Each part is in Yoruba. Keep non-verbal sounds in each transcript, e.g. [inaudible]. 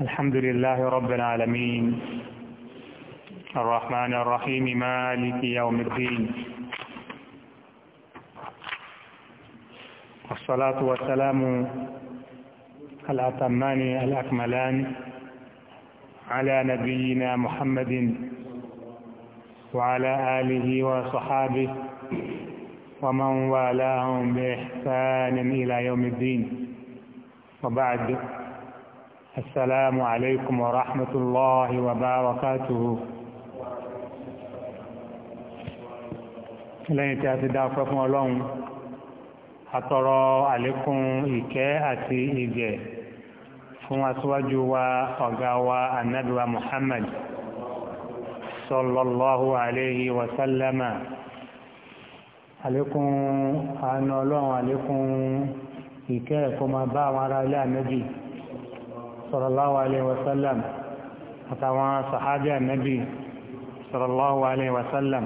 الحمد لله رب العالمين الرحمن الرحيم مالك يوم الدين والصلاة والسلام الأتمان الأكملان على نبينا محمد وعلى آله وصحابه ومن والاهم بإحسان إلى يوم الدين وبعد السلام عليكم ورحمة الله وبركاته lẹ́yìn tí a ti dá ọpẹ́ fún ọlọ́run àtọrọ àlékún ìkẹ́ àti ìgẹ̀ fún aṣíwájú wa ọ̀gá wa ànábì wa Muhammad sallallahu alayhi wa sallama àlékún àánú ọlọ́run àlékún ìkẹ́ ẹ̀kọ́ máa bá àwọn ará ilé ànábì sallallahu alaihi wasallam àtàwọn sàhábí ànábì sallallahu alaihi wasallam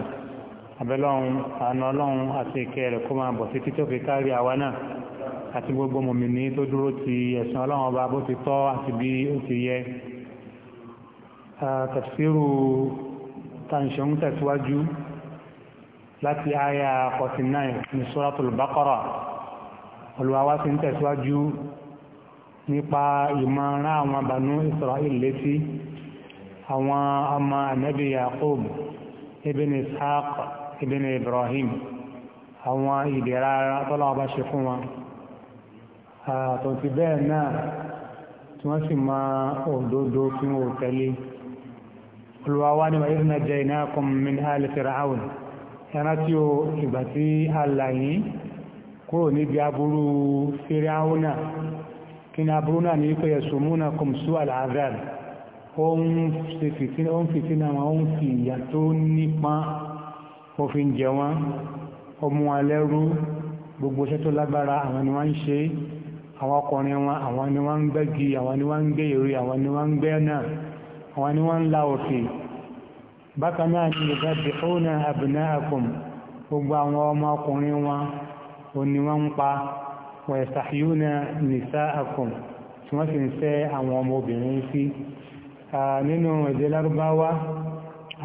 abẹ́lọ́run àna ọlọ́run àti ìkẹ́ rẹ̀ kó máa bọ̀ sí títí òfin kárí àwa náà àti gbogbo mòmìnì tó dúró ti ẹ̀sìn ọlọ́run ọba bó ti tọ́ àti bí ó ti yẹ tafsiru tanṣe ń tẹ̀síwájú láti àyà 49 ní suratul olùwàwá ti ń tẹ̀síwájú nípa ìmọ̀ràn àwọn Banu Israel létí àwọn ọmọ ànábì Yaqub ibn Ishaq ibn Ibrahim àwọn ìdẹ̀ra tọ́lọ́wọ́ bá ṣe fún wọn àtọ̀tí bẹ́ẹ̀ náà tí wọ́n sì máa òdodo tí wọ́n tẹ̀lé olùwàwá ni wàyí na jẹ́ iná kan min hali fir'aun ẹran tí ó ìgbà tí a là kúrò níbi aburú fir'aun náà kí ni aburú náà ní wípé ẹ̀sùn múnà kọmsú àlàáfíàrì ó ń fìtínà wọn ó ń fi ìyà tó nípa òfin jẹ wọn ọmọ alẹ́rú gbogbo iṣẹ́ lágbára àwọn ni wọ́n ń ṣe àwọn ọkùnrin wọn àwọn ni wọ́n ń gbẹ́gi àwọn ni wọ́n ń gbé èrè àwọn ni wọ́n ń gbẹ́ náà àwọn ni wọ́n ń la òfin bákan náà ni ìgbàdìhónà àbùnáàkùn pa wẹ̀sàhíúnà nisaakum tí wọ́n sì ń fẹ́ àwọn ọmọbìnrin sí nínú èdè lárúbáwá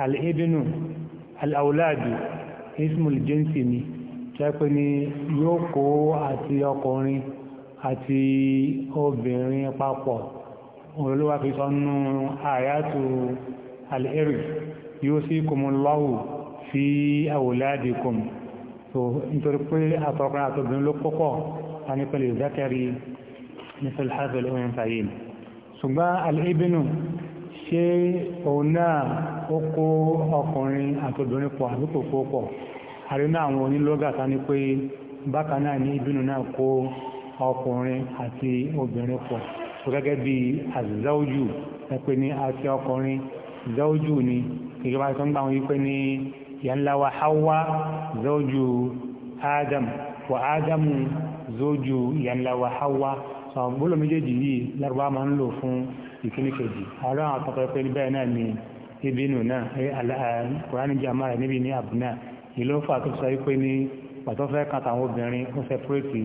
al'ibinu al'auladu ismul jinsi ni jẹ́pẹ́ ni yóò kó àti ọkùnrin àti obìnrin papọ̀ olúwa fi sọ́nú àyàtù al'irif yusikumullahu fi auladikum nítorí pé àtọkùnrin àtobìnrin ló pọ́pọ̀ فنقل الذكر مثل حظ الأنثيين ṣùgbọ́n al'ibinu ṣe òun náà ó kó ọkùnrin àti obìnrin pọ̀ àbíkò kó pọ̀ àrínà àwọn onílọ́gàta ní pé bákan náà ní ibinu náà kó ọkùnrin àti obìnrin pọ̀ tó gẹ́gẹ́ bí àzáójù ẹ̀pẹ́ ní àti ọkùnrin záójù ni gẹ́gẹ́ bá sọ́ngbà wọn wípé ní ìyànláwà hawa záójù adam wa adamu Zoju ìyànláwà hawa sọ gbọ́dọ̀ méjèèjì yìí lárúbá máa ń lò fún ìkíní kejì àárọ̀ àwọn àpapọ̀ ẹgbẹ́ bẹ́ẹ̀ náà ni ibinu náà kùránì jàmá rẹ̀ níbi ní àbúnà ìlú fà tó sọ wípé ní pàtó fẹ́ kan tàwọn obìnrin ó sẹpẹ́rẹ́tì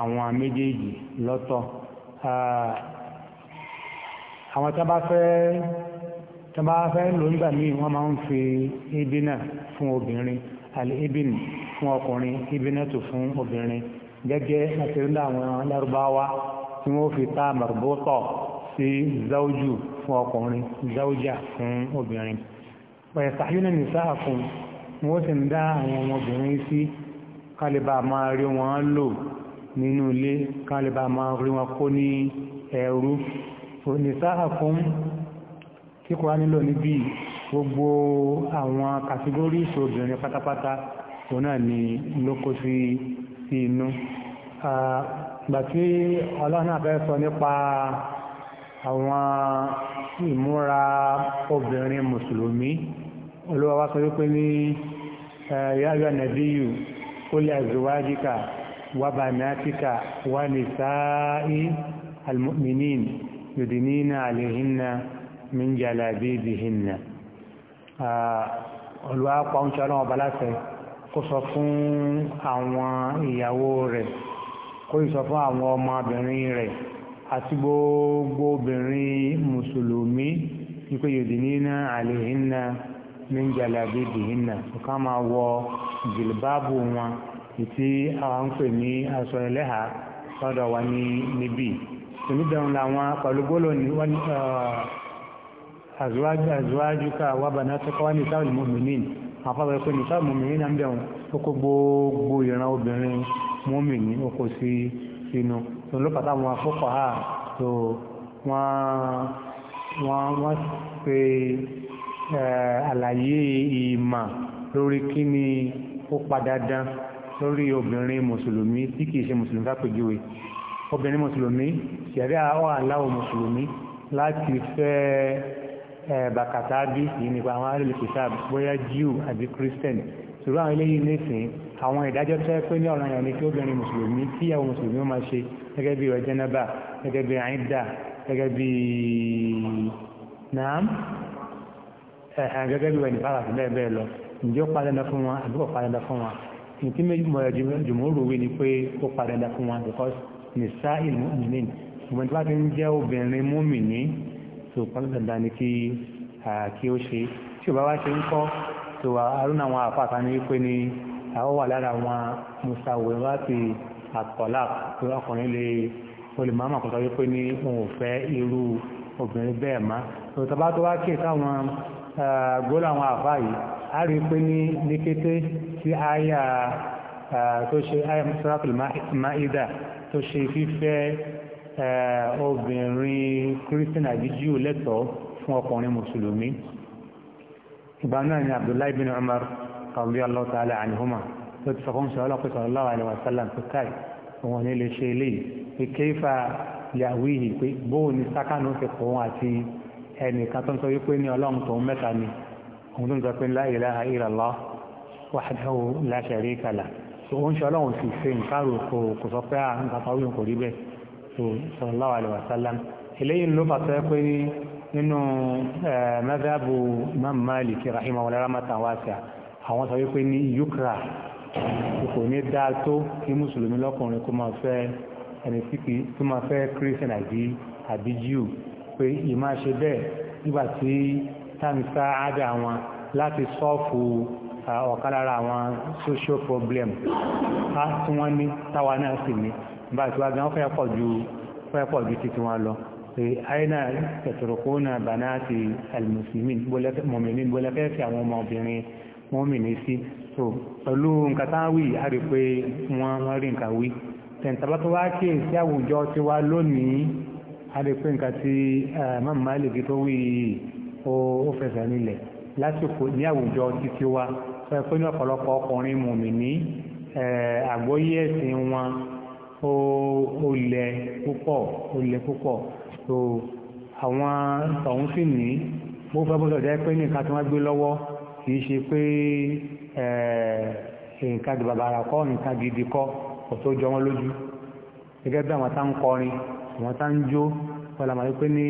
àwọn méjèèjì lọ́tọ̀ àwọn tí wọ́n bá fẹ́ tí wọ́n bá fẹ́ lò máa ń fi ibina fún obìnrin àlè ibin fún ọkùnrin ibinatu fún obìnrin gẹ́gẹ́ àti nínú àwọn lárúbáwá tí wọ́n fi tá marbutọ̀ sí záújù fún ọkùnrin záújà fún obìnrin pẹ̀lú sàyúnà nìsáà fún wọ́n sì ń dá àwọn ọmọbìnrin sí kálíbà máa rí wọn lò nínú ilé kálíbà máa rí wọn kó ní ẹ̀rú nìsáà fún tí kò wá nílò níbi gbogbo àwọn kàtígórí ìṣòbìnrin pátápátá òun náà ni ló kó sí sí inú ìgbà tí ọlọ́run àfẹ́ sọ nípa àwọn ìmúra obìnrin mùsùlùmí olúwa wá sọ wípé ní yáyọ nàbíyù ó lè àzíwájíkà wà bànátíkà wà nìsáàí almu'minin yudinina àlèhìnà min jalabibihinna olúwa pàún ṣọ́lọ́wọ́ kó sọ fún àwọn ìyàwó rẹ̀ kó sọ fún àwọn ọmọbìnrin rẹ̀ àti gbogbo obìnrin mùsùlùmí wípé yudinina alayhinna min jalabibihinna ká máa wọ jìlbáàbù wọn ìtí àwọn ń pè ní aṣọ ẹlẹ́hà lọ́dọ̀ wa ní níbí oníbẹ̀rún làwọn pẹ̀lú gbólóhùn wọn ní azwajuka wa banatuka wa nisa'ul mu'minin àfáwẹ́ pé nìṣà mọ̀mìnrin náà ń bẹ̀rùn ó kó gbogbo ìran obìnrin mọ́mìnrin ó kó sí inú tó ló pàtà wọn àkókò ha tó wọ́n pe àlàyé ìmà lórí kí ni ó padà dán lórí obìnrin mùsùlùmí tí kìí ṣe mùsùlùmí fàpèjúwe obìnrin mùsùlùmí ṣẹ̀rí àwọn aláwọ̀ mùsùlùmí láti fẹ́ bàkàtàbí yìí nípa àwọn arìlẹ̀kìtà bóyá Jew àbí Christian ṣùgbọ́n àwọn eléyìí nísìn àwọn ìdájọ́ tẹ́ pé ní ọ̀ràn yàn ni kí obìnrin mùsùlùmí tí ìyàwó mùsùlùmí ó máa ṣe gẹ́gẹ́ bí ìwẹ̀jẹ́nàbà gẹ́gẹ́ bí àìdá gẹ́gẹ́ bí nàám ẹ̀hàn gẹ́gẹ́ bí wẹ̀nì fáwọn àti bẹ́ẹ̀ bẹ́ẹ̀ lọ ǹjẹ́ ó padàdà fún wọn àbí kò padàdà fún wọn ìtí méjì mọ̀ jùmọ̀ rò wí ni pé ó padàdà fún wọn because nìsá ìlú mùmìnì ìgbọ̀n tí wọ́n ti tó pọ́n dandan ni kí kí ó ṣe tí ò bá wá ṣe ń kọ́ tó arúnà àwọn àpáta ní wípé ni àwọn wà lára àwọn mùsàwẹ̀ wá ti àtọ̀lá tó ọkùnrin lè olùmọ́mọ̀ kọ́tọ́ wípé ni òun ò fẹ́ irú obìnrin bẹ́ẹ̀ má tó tọ́ba tó wá kíyèsí àwọn gbólọ̀ àwọn àfáà yìí a rí pé ní ní kété tí àyà tó ṣe àyà mùsàlá tó tó ṣe fífẹ́ obìnrin christian àbí jíò lẹ́tọ̀ọ́ fún ọkùnrin mùsùlùmí ìgbà náà ni abdullahi bin umar radiyallahu ta'ala anhuma tó ti sọkún sọ ọlọ́pẹ́ sallallahu alaihi wasallam tó káì òun ní lè ṣe ilé pé kéfà yàwíhì pé bóò ni sákànù ti pọ̀ òun àti ẹnìkan tó ń sọ wípé ní ọlọ́run tó ń mẹ́ta ni òun tó ń sọ pé la ilaha illallah wahdahu la sharika lah òun ṣe ọlọ́run sì ṣe nǹkan rò kò sọ pé à ń kàtàwé kò rí bẹ́ẹ̀ tó sallallahu alaihi wasallam eléyìí ló fà sọ pé nínú madhabu imam Maliki rahimahullah rahmatan wasi'a àwọn sọ wípé ní yukra kò ní dáa tó kí mùsùlùmí lọ́kùnrin kó máa fẹ́ ẹni tí kì í tó máa fẹ́ kírísítẹ̀n àbí àbí jíù pé ìmá ṣe bẹ́ẹ̀ nígbà tí táǹsá ádà wọn láti sọ́ọ̀fù ọ̀kan lára àwọn social problem tí wọ́n ní táwa náà sì ní bá ti wá gan fẹ́ pọ̀ ju fẹ́ pọ̀ ju títí wọn lọ pé àyínà tẹ̀tọ̀rọ̀kúnà bànáàtì almuslimin mọ̀mìnì bọ́lẹ́fẹ́ fi àwọn ọmọbìnrin mọ́mìnì sí so pẹ̀lú nǹkan tá wí a rí pé wọ́n rí nǹkan wí tẹ̀ǹtàbá tó wá kí èsì àwùjọ ti wá lónìí a rí pé nǹkan tí mọ́mọ́ Málíkì tó wí ó fẹsẹ̀ nílẹ̀ lásìkò ní àwùjọ títí wa fẹ́ pé ọ̀pọ̀lọpọ̀ ọkùnrin mọ̀mìnì àgbóyé ẹ̀sìn wọn ó lẹ púpọ̀ ó lẹ púpọ̀ so àwọn tọ̀hún sì ní mo fẹ́ bó sọ̀dọ̀ pé ní nǹkan tí wọ́n gbé lọ́wọ́ kì í ṣe pé nǹkan di bàbàrà kọ́ nǹkan gidi kọ́ kò tó jọ wọ́n lójú gẹ́gẹ́ bí àwọn tá ń kọrin àwọn tá ń jó wọ́n làmọ̀ pé ní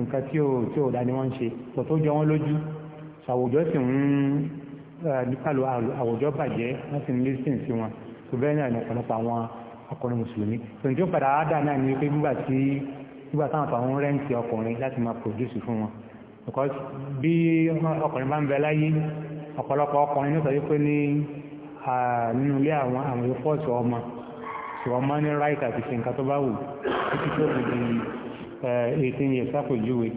nǹkan tí ò tí ò dá ni wọ́n ń ṣe kò tó jọ wọ́n lójú àwùjọ sì ń nípa àwùjọ bàjẹ́ wọ́n sì ń lísìn sí wọn tó bẹ́ẹ̀ náà ọ̀pọ̀lọpọ̀ àwọn ọkùnrin mùsùlùmí tòun tí ó padà wá dà náà ni pé nígbà tí nígbà táwọn àtàwọn rẹ́ǹtì ọkùnrin láti máa pòdúsù fún wọn because bí ọkùnrin bá ń bẹ láyé ọ̀pọ̀lọpọ̀ ọkùnrin ní sọ́jú pé ní nínú ilé àwọn àwọn ìfọ́ọ̀sù ọmọ sọ ọmọ ní right àti ṣe nǹkan tó bá wù títí tó fi di eighteen years lápòjúwe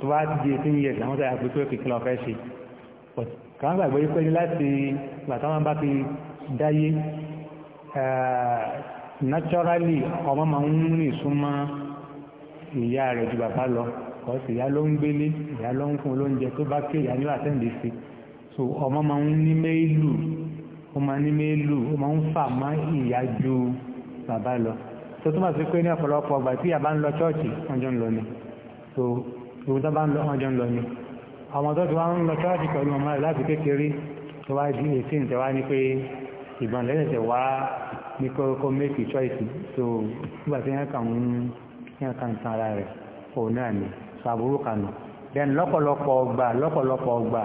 tó bá di eighteen years àwọn sáyà pé pé kìkì lọ fẹ́ ṣe kàwọn gbàgbé pé ní láti gbàtà wọn bá ti dáyé naturally ọmọ máa ń rìn súnmọ́ ìyá rẹ̀ ju bàbá lọ kọ́sì ìyá ló ń gbélé ìyá ló ń fún olóúnjẹ tó bá ké ní àtẹ́ǹdì sí so ọmọ máa ń ní méèlù ó máa ní méèlù ó máa ń fà má ìyá ju bàbá lọ tó túmọ̀ sí pé ní ọ̀pọ̀lọpọ̀ ọgbà tí ìyá bá ń lọ chọ́ọ̀chì wọ́n ń lọ ni so ìwọ́n tó bá ń lọ wọ́n jọ ń lọ ni ọmọ tó ti wá ń lọ chọ́ọ̀chì pẹ̀lú ọmọ rẹ̀ láti kékeré tó wá di èsì ìtẹ̀wá ni pé ìbọn ní kọ́kọ́ make a choice so nígbà tí yẹn kàn ń yẹn kàn ara rẹ̀ òun náà ni so àbúrò then lọ́pọ̀lọpọ̀ ọgbà lọ́pọ̀lọpọ̀ ọgbà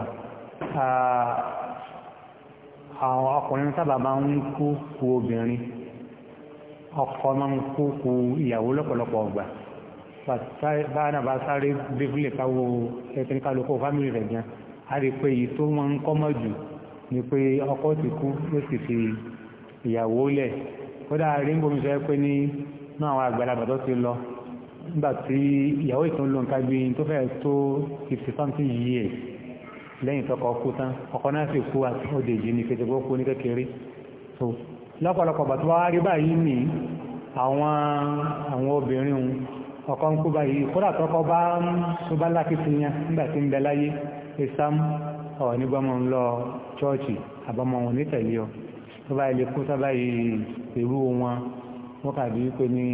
àwọn ọkùnrin sábà máa ń kú ku obìnrin ọkọ máa ń kú ku ìyàwó lọ́pọ̀lọpọ̀ ọgbà báyà náà bá sáré bíbélì káwọ ẹ̀kẹ́ fámìlì rẹ̀ gan a rí i èyí tó máa ń kọ́mọ̀ jù ni pé ọkọ ti kú ló sì fi ìyàwó lẹ̀ kódà ríngbomi sọ pé ní náà àwọn àgbàlagbà tó ti lọ nígbàtí ìyàwó ìtàn ló ń tó fẹ́ tó 50 something years lẹ́yìn tọkọ kú ọkọ náà sì kú àti òdèjì ní kẹtẹgbọ́ kú ní kékeré so lọ́pọ̀lọpọ̀ wá rí ní àwọn obìnrin ń tó bá ilé kú sábà yìí èrú wọn wọ́n kàbí wípé ní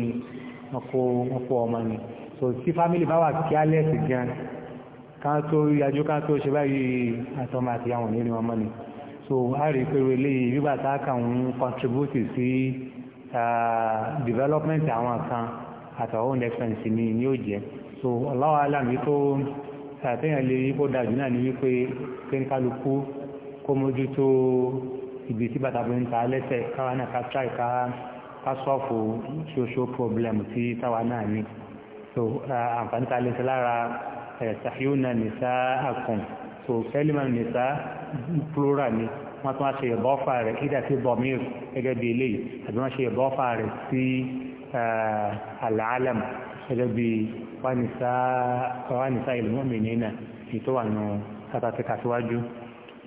ọkọ̀ ọmọ ni so tí fámílì bá wà kí á lẹ́sì gan ká tó rí ajú ká tó ṣe báyìí àtọmọ àti àwọn ìlérí wọn mọ́ ni so a rí pé eléyìí bíbà tá a kàn ń contribute sí development àwọn kan àtàwọn own expense ni ni ó jẹ́ so Allahu alam tó àtẹ́yàn lè yí kó dájú náà ni wípé kéńkálukú kó mójútó ibi tí bàtà fi ń ta lẹ́sẹ̀ káwa náà ká try ká ká sọ́ọ̀fù social tí táwa náà ní so àǹfààní ta lẹ́sẹ̀ lára ṣàhíùnà nìsá àkùn so kẹ́límà nìsá plural ni wọ́n tún wá ṣe ìbọ́fà rẹ̀ kídà sí bọ̀mír gẹ́gẹ́ bí eléyìí àbí wọ́n ṣe ìbọ́fà rẹ̀ sí àlàálàm gẹ́gẹ́ bí wánìsá ìlú mọ́mìnira ètò àwọn kátàkì kàṣíwájú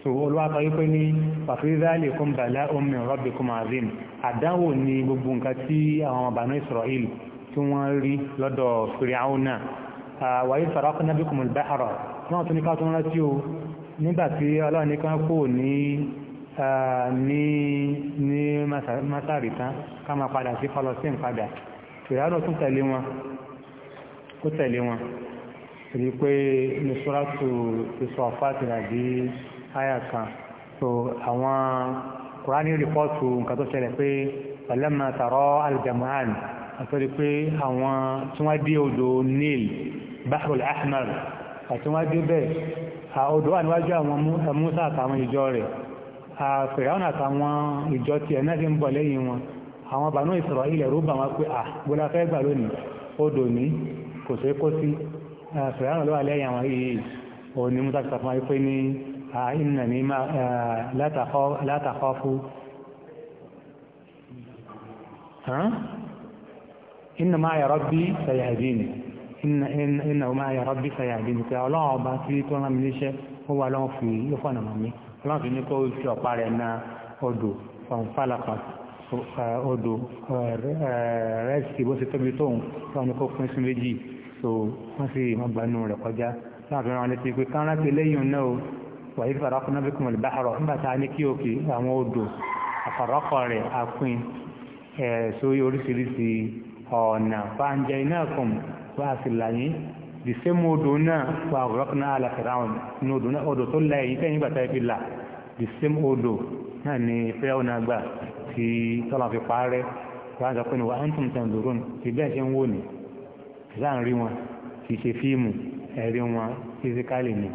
so olúwa sọ wípé ní fàfíìsálì kún bàlá omi rọ́bì kún azim àdánwò ni gbogbo nǹkan tí àwọn ọmọbànú israel tí wọ́n rí lọ́dọ̀ fìrìhàúnà wàyí sọ̀rọ̀kún náà bí kùn báhàrọ̀ náà tún ní ká tún rántí o nígbà tí ọlọ́run ní wọn ó tẹ̀lé wọn rí pé nìṣúra tó ìṣọ̀fà tìrà bíi àyà kan so àwọn kùránì rìpọ́ọ̀tù nǹkan tó ṣẹlẹ̀ pé pẹ̀lẹ́mà tààrọ́ aljamaan àtọ́rí pé àwọn tí wọ́n dé odò nil bahrul ahmar àti wọ́n dé bẹ́ẹ̀ odò wà níwájú àwọn musa àtàwọn ìjọ rẹ̀ fìràwọn àtàwọn ìjọ tiẹ̀ náà ti ń bọ̀ lẹ́yìn wọn àwọn bànú ìsọ̀rọ̀ ilẹ̀ rúbà wọn pé à gbọ́dọ̀ fẹ́ gbà lónìí odò ní kò ṣeé kó sí fìràwọn ló wà lẹ́yìn àwọn yìí òun ni musa ti sàfihàn pé ní إنني ما لا تخاف لا تخافوا ها إن معي ربي سيهديني إن إن إنه معي ربي سيهديني pé ọlọ́run ọba tí tó rán mi níṣẹ́ ó wà lọ́wọ́ fi yóò fọ̀nà mọ̀ mí ọlọ́run fi ní kó fi ọ̀pá rẹ̀ na odò fọ̀nfàlàpà odò rẹ́ẹ̀sì bó ṣe tóbi tóun lọ́wọ́ ní kó pín sí méjì so wọ́n sì mọ́gbanú rẹ̀ kọjá láàfin rán létí pé kán rántí lẹ́yìn náà wàyí farakun náà bíkùn olùbáhàrọ̀ nígbà tá a ní kí òkè àwọn odò àfàrọ́kọ̀ rẹ̀ apin ẹ̀ sórí oríṣiríṣi ọ̀nà fàǹjẹ̀ iná kùn wá sí láyé the same odò náà wà àwòrán náà alàfẹ́ráwọn ní odò náà odò tó la ẹ̀yìn tẹ́yìn gbàtà ìfi là the same odò náà ni fẹ́ràn náà gbà tí tọ́lá fi parẹ́ wọ́n á sọ pé ń tún tàn lóró ní ti bẹ́ẹ̀ ń wò ní láàrin wọn kì í ṣe fíìmù ẹ̀rí wọn físíkálì ni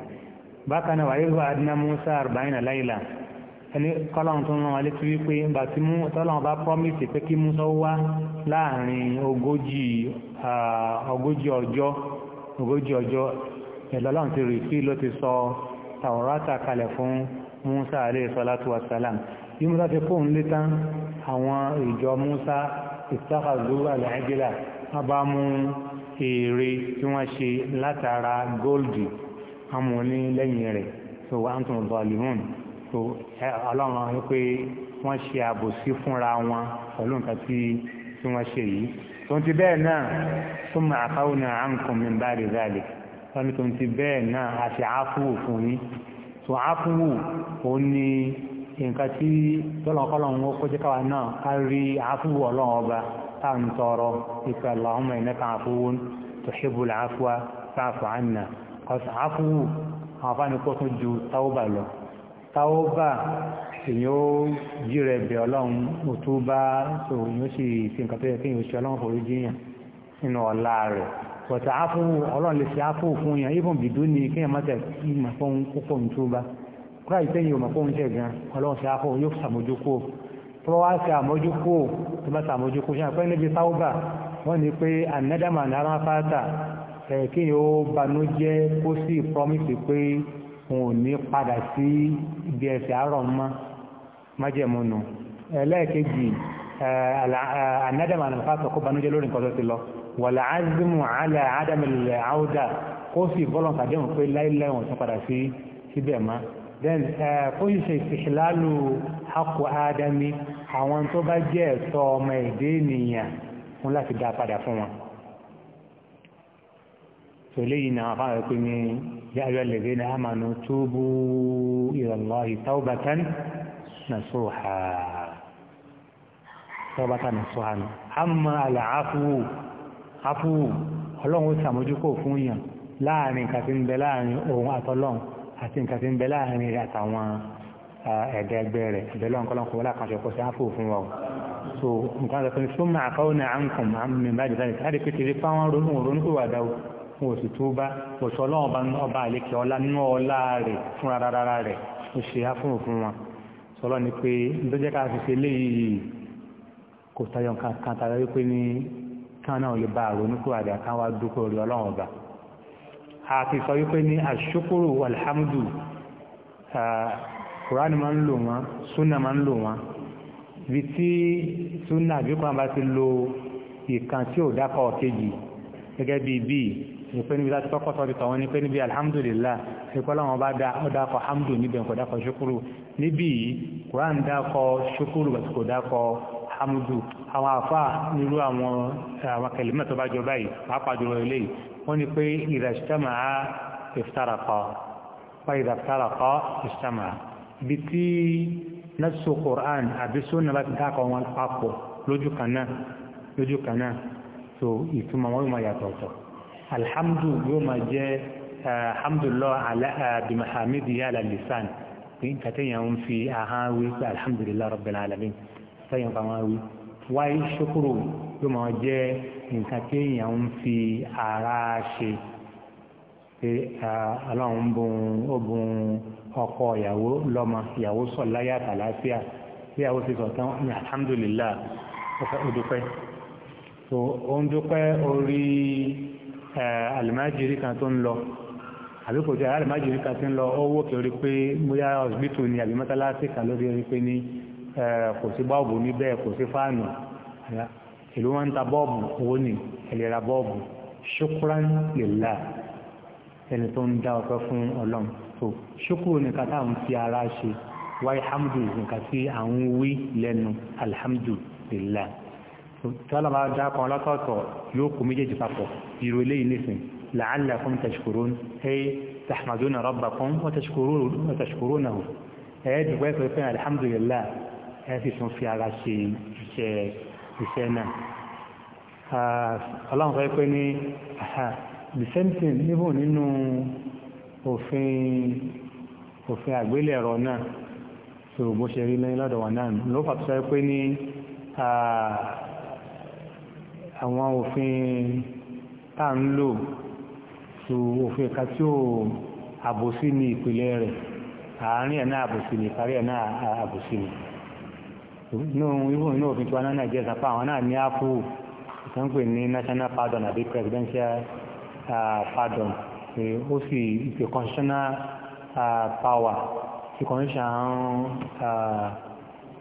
bákan náà wàyí wà adina musa arba'ina layla ẹni kọ́lọ́n tó rán wa létí wípé ìgbà tí tọ́lọ́n bá promise pé kí musa wá láàrin ogójì ogójì ọjọ́ ogójì ọjọ́ ìlọ́lọ́n ti rí sí ló ti sọ tàwọ́rátà kalẹ̀ fún musa alayhi salatu wa salam bí musa ti fóun létán àwọn ìjọ musa ìsáhàzú àlẹ́ẹ́gílà wọ́n bá mú èrè tí wọ́n ṣe látara góòlì àmọ́ ní lẹ́yìn rẹ̀ so anton valimon so ọlọ́run wọn pé wọ́n ṣe àbòsí fúnra wọn pẹ̀lú nǹkan tí wọ́n ṣe yìí tó ń ti bẹ́ẹ̀ náà tó mọ àkáwọn náà à ń kún mi bá rí rálẹ̀ wọ́n tó ń ti bẹ́ẹ̀ náà a ṣe áfúwò fún yín so áfúwò ó ní nǹkan tí lọ́lọ́kọ́lọ́run ó kó jẹ́ káwa náà ká rí áfúwò ọlọ́run ọba táwọn tọrọ ìpẹ̀lú àwọn ọmọ ìnẹ́ka àfúwò tó ṣe bùlà áfúwà fáfọ̀ àná àfúwù àwọn afáàní kó tún ju táwọ́bà lọ táwọ́bà èyí ó jí rẹ̀ bẹ̀ ọlọ́run òtú bá tó èyí ó sì fi nǹkan tó yẹ kí èyí ó ṣe ọlọ́run forí jíyàn nínú ọ̀la rẹ̀ pọ̀tà áfúwù ọlọ́run lè ṣe áfúwù fún yàn ibùn bìdú ni kí èyàn mọ́tẹ̀ kí mà fún kókò ní túbá kúrò àìsẹ́ ò mà fún ṣẹ̀ gan ọlọ́run ṣe áfúwù yóò ṣàmójúkó tó wá ṣe àmójúkó tó bá ṣàmójúkó ṣe àpẹ́ níbi táwọ́bà wọ́n ní pé ànádàmà náà fáta kí yìí ó banújẹ́ ó sì promise pé òun ò ní padà sí ibi ẹ̀sẹ̀ àárọ̀ mọ́ májẹ̀mú nù ẹlẹ́ẹ̀kejì anádàmà àlùfáàsọ kó banújẹ́ lórí nǹkan tó ti lọ wàlà ázimu àlà ádámẹ̀lẹ̀ áúdà kó sì bọ́lọ̀ sàdéhùn pé láíláí wọn tún padà sí síbẹ̀ mọ́ then kó sì ṣe ìṣìláàlù akọ ádámi àwọn tó bá jẹ́ ẹ̀tọ́ ọmọ èdè ènìyàn fún láti dá padà fún wọn tòléyìn náà fáwọn pé ní yáyọ lèdè ní àmànù túbú ìrànlọ́ ìtàwùbátán nasuha tàwùbátán nasuha nù àmà àlàáfù àfù ọlọ́run ó sàmójúkò fún yàn láàrin nǹkan tí ń bẹ láàrin òun àtọlọ́run àti nǹkan tí ń bẹ láàrin rẹ̀ àtàwọn ẹ̀ẹ́dẹ́gbẹ́ rẹ̀ ìbẹ̀lọ́run kọ́lọ́n kò wọ́n lákàṣọ kó sí àfù fún wa so nǹkan tó fi súnmọ́ àkọ́wọ́nà àǹkùn àmì bá dìbò láti pété fáwọn ronú ronú pé wà dáwọ́ wọn ò sì tó bá òṣù ọlọ́run ọba àlékè ọlá nínú ọlá rẹ̀ fúnra rárá rẹ̀ ó ṣe áfúnrò fún wọn sọlọ́ ni pé tó jẹ́ ká fi ṣe léyìí kò tayọ nǹkan tayọ wípé ní káwọn náà lè ba àrònú kúrò àdé àkáwọn wá orí ọlọ́run àti sọ wípé ní àṣukúrò alhamdu kùránì máa ń lò wọn súnà máa ń lò wọn ibi tí súnà àbíkọ́ àbá ti lo ìkan tí ò dákọ̀ kejì gẹ́gẹ́ bíi bíi ìpé níbi láti kọ́kọ́ sọ́rí tọ̀wọ́n ní pé níbi alhamdulillah ìkọ́láwọn bá dákọ̀ hamdu níbẹ̀ kò dákọ̀ ṣukuru níbi Quran dákọ̀ ṣukuru bàtí kò dákọ̀ hamdu àwọn àfá nírú àwọn kẹlìmẹ́ tó bá jọ báyìí pàápàá jùlọ ilé wọ́n ní pé ìrẹ̀ṣẹ́mà ìfitarakọ̀ wa ìrẹ̀ṣẹ́mà ìṣẹ́mà ibi tí nasu Quran àbí sunna bá ti dákọ̀ wọn papọ̀ lójú so ìtumọ̀ wọn yóò máa yàtọ̀ ọ̀tọ̀ alhamdu yóò máa jẹ́ eh, alhamdulillah eh, bimahamidi ala lisan pé kàtẹ́yàn ń fi ahán wí pé alhamdulillah rabbil alamin sẹ́yìn fa wọn wí wáyé ṣókòrò yóò máa jẹ́ nǹkan téèyàn ń fi ara ṣe pé eh, ọlọ́run ń bun obun ọkọ ìyàwó lọ́mọ ìyàwó sọ láyé àtàlàáfíà bí ìyàwó ti sọ tán ní alhamdulillah ó dúpẹ́ so ó ń dúpẹ́ orí alimajiri kan tó ń lọ àbí kò jẹ́ alimajiri kan tó ń lọ owó kẹrí pé bóyá hospital ni àbí mọ́tálásí kan lórí rí pé ní kò sí bọ́ọ̀bù níbẹ̀ kò sí fáànù ìlú wọn ń ta bọ́ọ̀bù owó ni ẹ̀lẹ́ra bọ́ọ̀bù ṣukran lèlá ẹni tó ń dá ọpẹ́ fún ọlọ́run tó ṣukuru nìkan táwọn fi ara ṣe wáyé hamdu nìkan tí à wí lẹ́nu alhamdu lèlá tọ́lá bá dá kan lọ́tọ̀ọ̀tọ̀ yóò kó méjèèjì papọ̀ ìrò eléyìí nìsín la'allakum tashkurun ẹ̀ tahmaduna rabbakum wa tashkurunahu ẹ̀ dùgbẹ́ pé pé alhamdulillah ẹ̀ sì tún fi ara ṣe iṣẹ́ iṣẹ́ náà. ọlọ́run fẹ́ pé ní the same thing even nínú òfin òfin àgbélẹ̀rọ náà so bó ṣe rí lẹ́yìn lọ́dọ̀ wà náà ló fà tó sọ pé ní àwọn òfin tá ń lò tó òfin ẹ̀ka tí ó àbòsí ní ìpìlẹ̀ rẹ̀ àárín ẹ̀ náà àbòsí ní ìparí ẹ̀ náà àbòsí ní irú inú òfin tí wọn náà jẹ́ sápá àwọn náà ní ápù ìtànpè ní national pardon àbí presidential pardon ó sì ìpè constitutional power ti constitution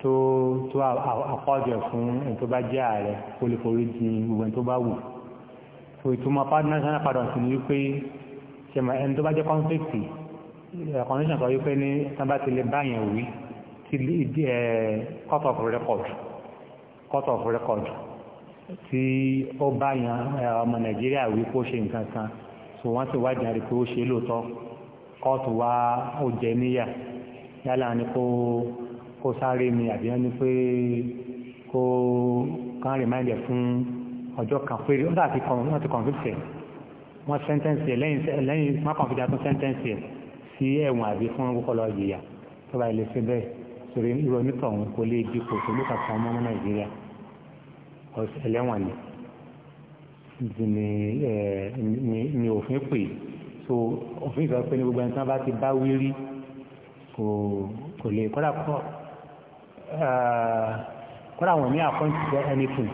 tó tó àkọ́jọ fún ẹni tó bá jẹ́ ààrẹ kó lè forí di gbogbo ẹni tó bá wù so ìtumọ̀ national pardon sí ni wípé ṣẹ̀mọ̀ ẹni tó bá jẹ́ conflict condition sọ wípé ní tán bá ti lè báyẹn wí ti court of record court of record tí ó báyẹn ọmọ nàìjíríà wí kó ṣe nǹkan kan so wọ́n ti wádìí àrí pé ó ṣe lóòótọ́ kóòtù wa ó jẹ níyà yálà ní kó kó sáré ni àbí wọ́n pé kó kán rìmáìndẹ̀ fún ọjọ́ kan péré wọ́n ti convict ẹ̀ wọ́n sẹ́ńtẹ́ǹsì ẹ̀ lẹ́yìn má kọ̀ǹfìdà tún sẹ́ńtẹ́ǹsì ẹ̀ sí ẹ̀wọ̀n àbí fún kọ́lọ́ ìyà tó bá ilé ṣe bẹ́ẹ̀ torí irọ́ nítọ̀ òun kò lè di kò tóbi kankan mọ́ nàìjíríà ẹlẹ́wọ̀n ni ni òfin pè so òfin ìgbà pé ní gbogbo ẹni tí wọ́n bá ti bá wí rí kò lè kọ́dà Eh, kọ́ra àwọn ní àkọ́ǹtì for anything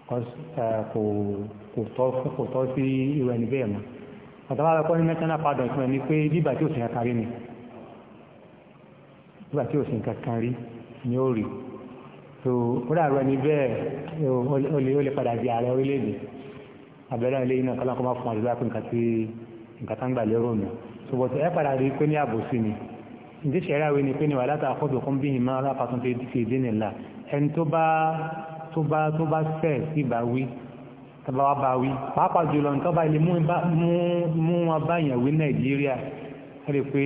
because eh, kò tọ́ sí irú ẹni bẹ́ẹ̀ mọ́ àtàwọn akọ́ ní national pardon fún ẹni pé bíbà tí òsìn kankan rí ni bíbà tí òsìn kankan rí ni ó rí so kọ́ra àwọn ẹni bẹ́ẹ̀ ó lè padà di ààrẹ orílẹ̀-èdè abẹ́rẹ́ ilé iná kọ́lá kọ́ máa fún àdúrà pé nǹkan tí nǹkan tá ń gbà lérò mi so bọ́tù ẹ padà rí pé ní àbòsí ni ìdí ṣẹ̀rá wí ni pé ni wà látà àkọ́bì kún bí ìmọ̀ aráfàtún fi dí nìlá ẹni tó bá tó bá tó bá fẹ́ sí bá wí tọba wá bá wí pàápàá jùlọ nǹkan bá ilé mú wọn báyàn wí nàìjíríà ó lè pé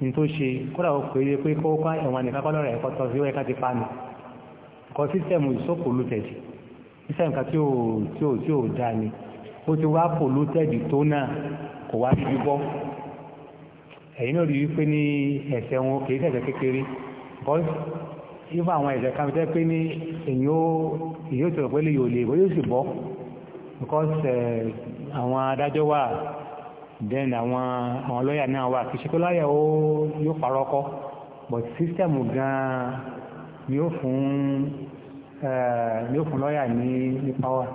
ní tó ṣe kódà ó pè é pé kó kọ́ ẹ̀wọ̀n nìkan kọ́ ẹ̀yìn náà rí wípé ní ẹ̀ṣẹ̀ wọn kìí ṣẹ̀ṣẹ̀ kékeré because if àwọn ẹ̀ṣẹ̀ kan tẹ́ pé ní èyí ó sọ̀rọ̀ pé yòó lè wọ́n yóò sì bọ́ because eh, àwọn adájọ́ wà then àwọn àwọn lọ́ọ̀yà náà wà kìí ṣe pé láyà ó yóò parọ́ kọ́ but system gan-an ni ó fún eh, ni ó fún lọ́ọ̀yà ní ní power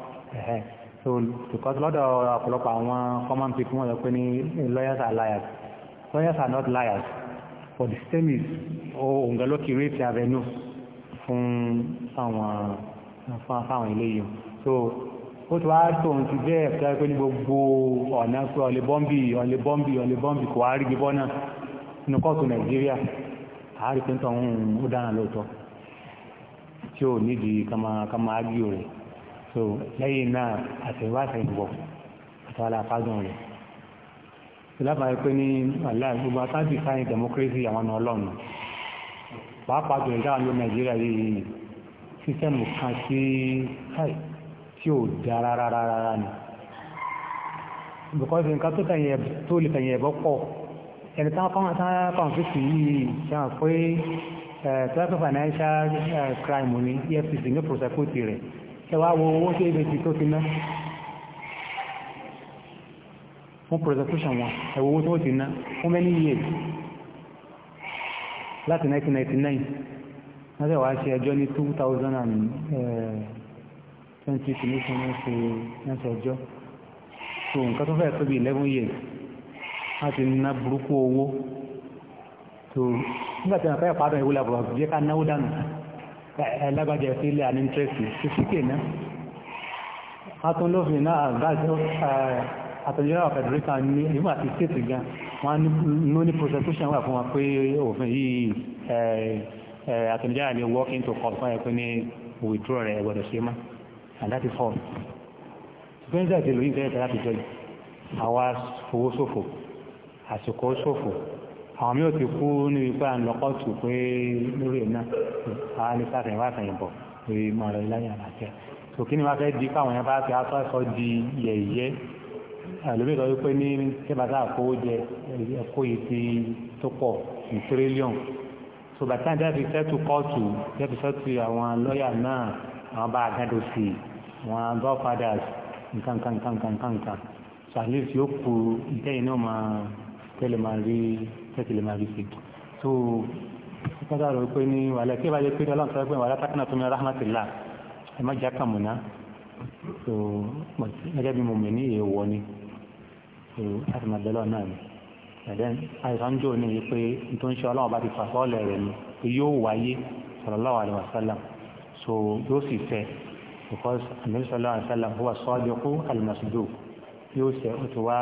so because lọ́dọ̀ ọ̀pọ̀lọpọ̀ àwọn common people wọ́n sọ pé ní lawyers are liars lawyers are not liars but the same is òǹgà ló kiri ti abẹnú fún fáwọn ilé yìí so ó ti wá tóun ti jẹ́ ẹ̀fẹ́ pé ní gbogbo ọ̀nà pé ọ̀lẹ́ bọ́m̀bì ọ̀lẹ́ bọ́m̀bì ọ̀lẹ́ bọ́m̀bì kò wá rí gbígbọ́ náà nínú kóòtù nàìjíríà àárí pé ń tọ̀hún ó dára lóòótọ́ tí ò nídìí kama ágíò rẹ̀ so lẹ́yìn náà àtẹ̀wá àtẹ̀yìnbọ̀ àtàwọn afágùn rẹ̀ ìlàbà yìí pé ní aláì gbogbo atájì sáyẹn democracy àwọn ọ̀nà ọlọ́run pàápàá jù ìdáwà ló nàìjíríà yìí sísẹ́mù kan sí káì tí ò dára rárá rárá ni because nǹkan tó tẹ̀yìn tó lè tẹ̀yìn ẹ̀bọ́ pọ̀ ẹni táwọn fáwọn táwọn fáwọn fífi yìí ṣáà pé tẹ́lẹ̀pẹ́ financial crime ní EFCC ní prosecute rẹ̀ ẹ wá wo owó tó ebi ti tó ti ná fún presentation wọn ẹ̀wọ̀ tí wọ́n ti ná fún many years láti 1999 wọ́n tẹ̀wà ṣe ẹjọ́ ní 2020 commission eh, wọ́n ṣe ẹjọ́ so nǹkan tó fẹ́ẹ̀ tó bí 11 years láti ná burúkú owó so nígbàtí wọn fẹ́ẹ̀ pàdán ìwúlẹ̀ àbúrò jẹ́ ká náwó dànù lágbàjá sí ilé àní interest sí síkè náà a tún lófin náà àgbájọ́ àtọ̀jọ́ra federation ní ìgbà àti state gan wọ́n ní ní prosecution wà fún wa pé òfin yìí àtọ̀jọ́ra ní work into court fún ẹ̀kọ́ ní withdraw rẹ̀ ẹ̀gbọ́dọ̀ ṣe mọ́ and that is all gbẹ́ńdà ti lóyún fẹ́ẹ́ tẹ́lá ti jọ yìí àwa owó ṣòfò àsìkò ṣòfò àwọn mí ò ti kú ní wípé à ń lọ kóòtù pé lórí ẹ̀ náà àwa ní sáfẹ̀yìn wá fẹ̀yìn bọ̀ pé mọ̀ọ́rọ̀ iláyà àti ẹ̀ tòkí ni wọ́n fẹ́ di pé àwọn yẹn bá ti aṣọ àṣọ di yẹ̀yẹ́ àlùmí kan wípé ní kébàtà àkówó jẹ ẹ̀kọ́ ìdí tó pọ̀ ní tírílíọ̀n so bàtà jáfi sẹ́tù kóòtù jáfi sẹ́tù àwọn lọ́ọ̀yà náà àwọn bá àgádò sí àwọn godfathers nǹkan kan kan kan kan kan so at least yóò kú ìtẹ́yìn náà máa tẹ́lẹ̀ máa rí tẹ́tẹ̀lẹ̀ máa rí sí so kọ́dà rẹ̀ pé ní wàlẹ̀ kí wàlẹ̀ pé ọlọ́run sọ wàlẹ̀ tákànà tó ní so láti máa bẹ̀lọ́ náà ni ẹ̀dẹ́n àìsàn jò ní wípé tó ń ṣe ọlọ́run bá ti fà sọ́ọ̀lẹ̀ so yóò sì because ànábì sallallahu alaihi wasallam huwa sadiqu al-masduq yóò ṣe ó ti wá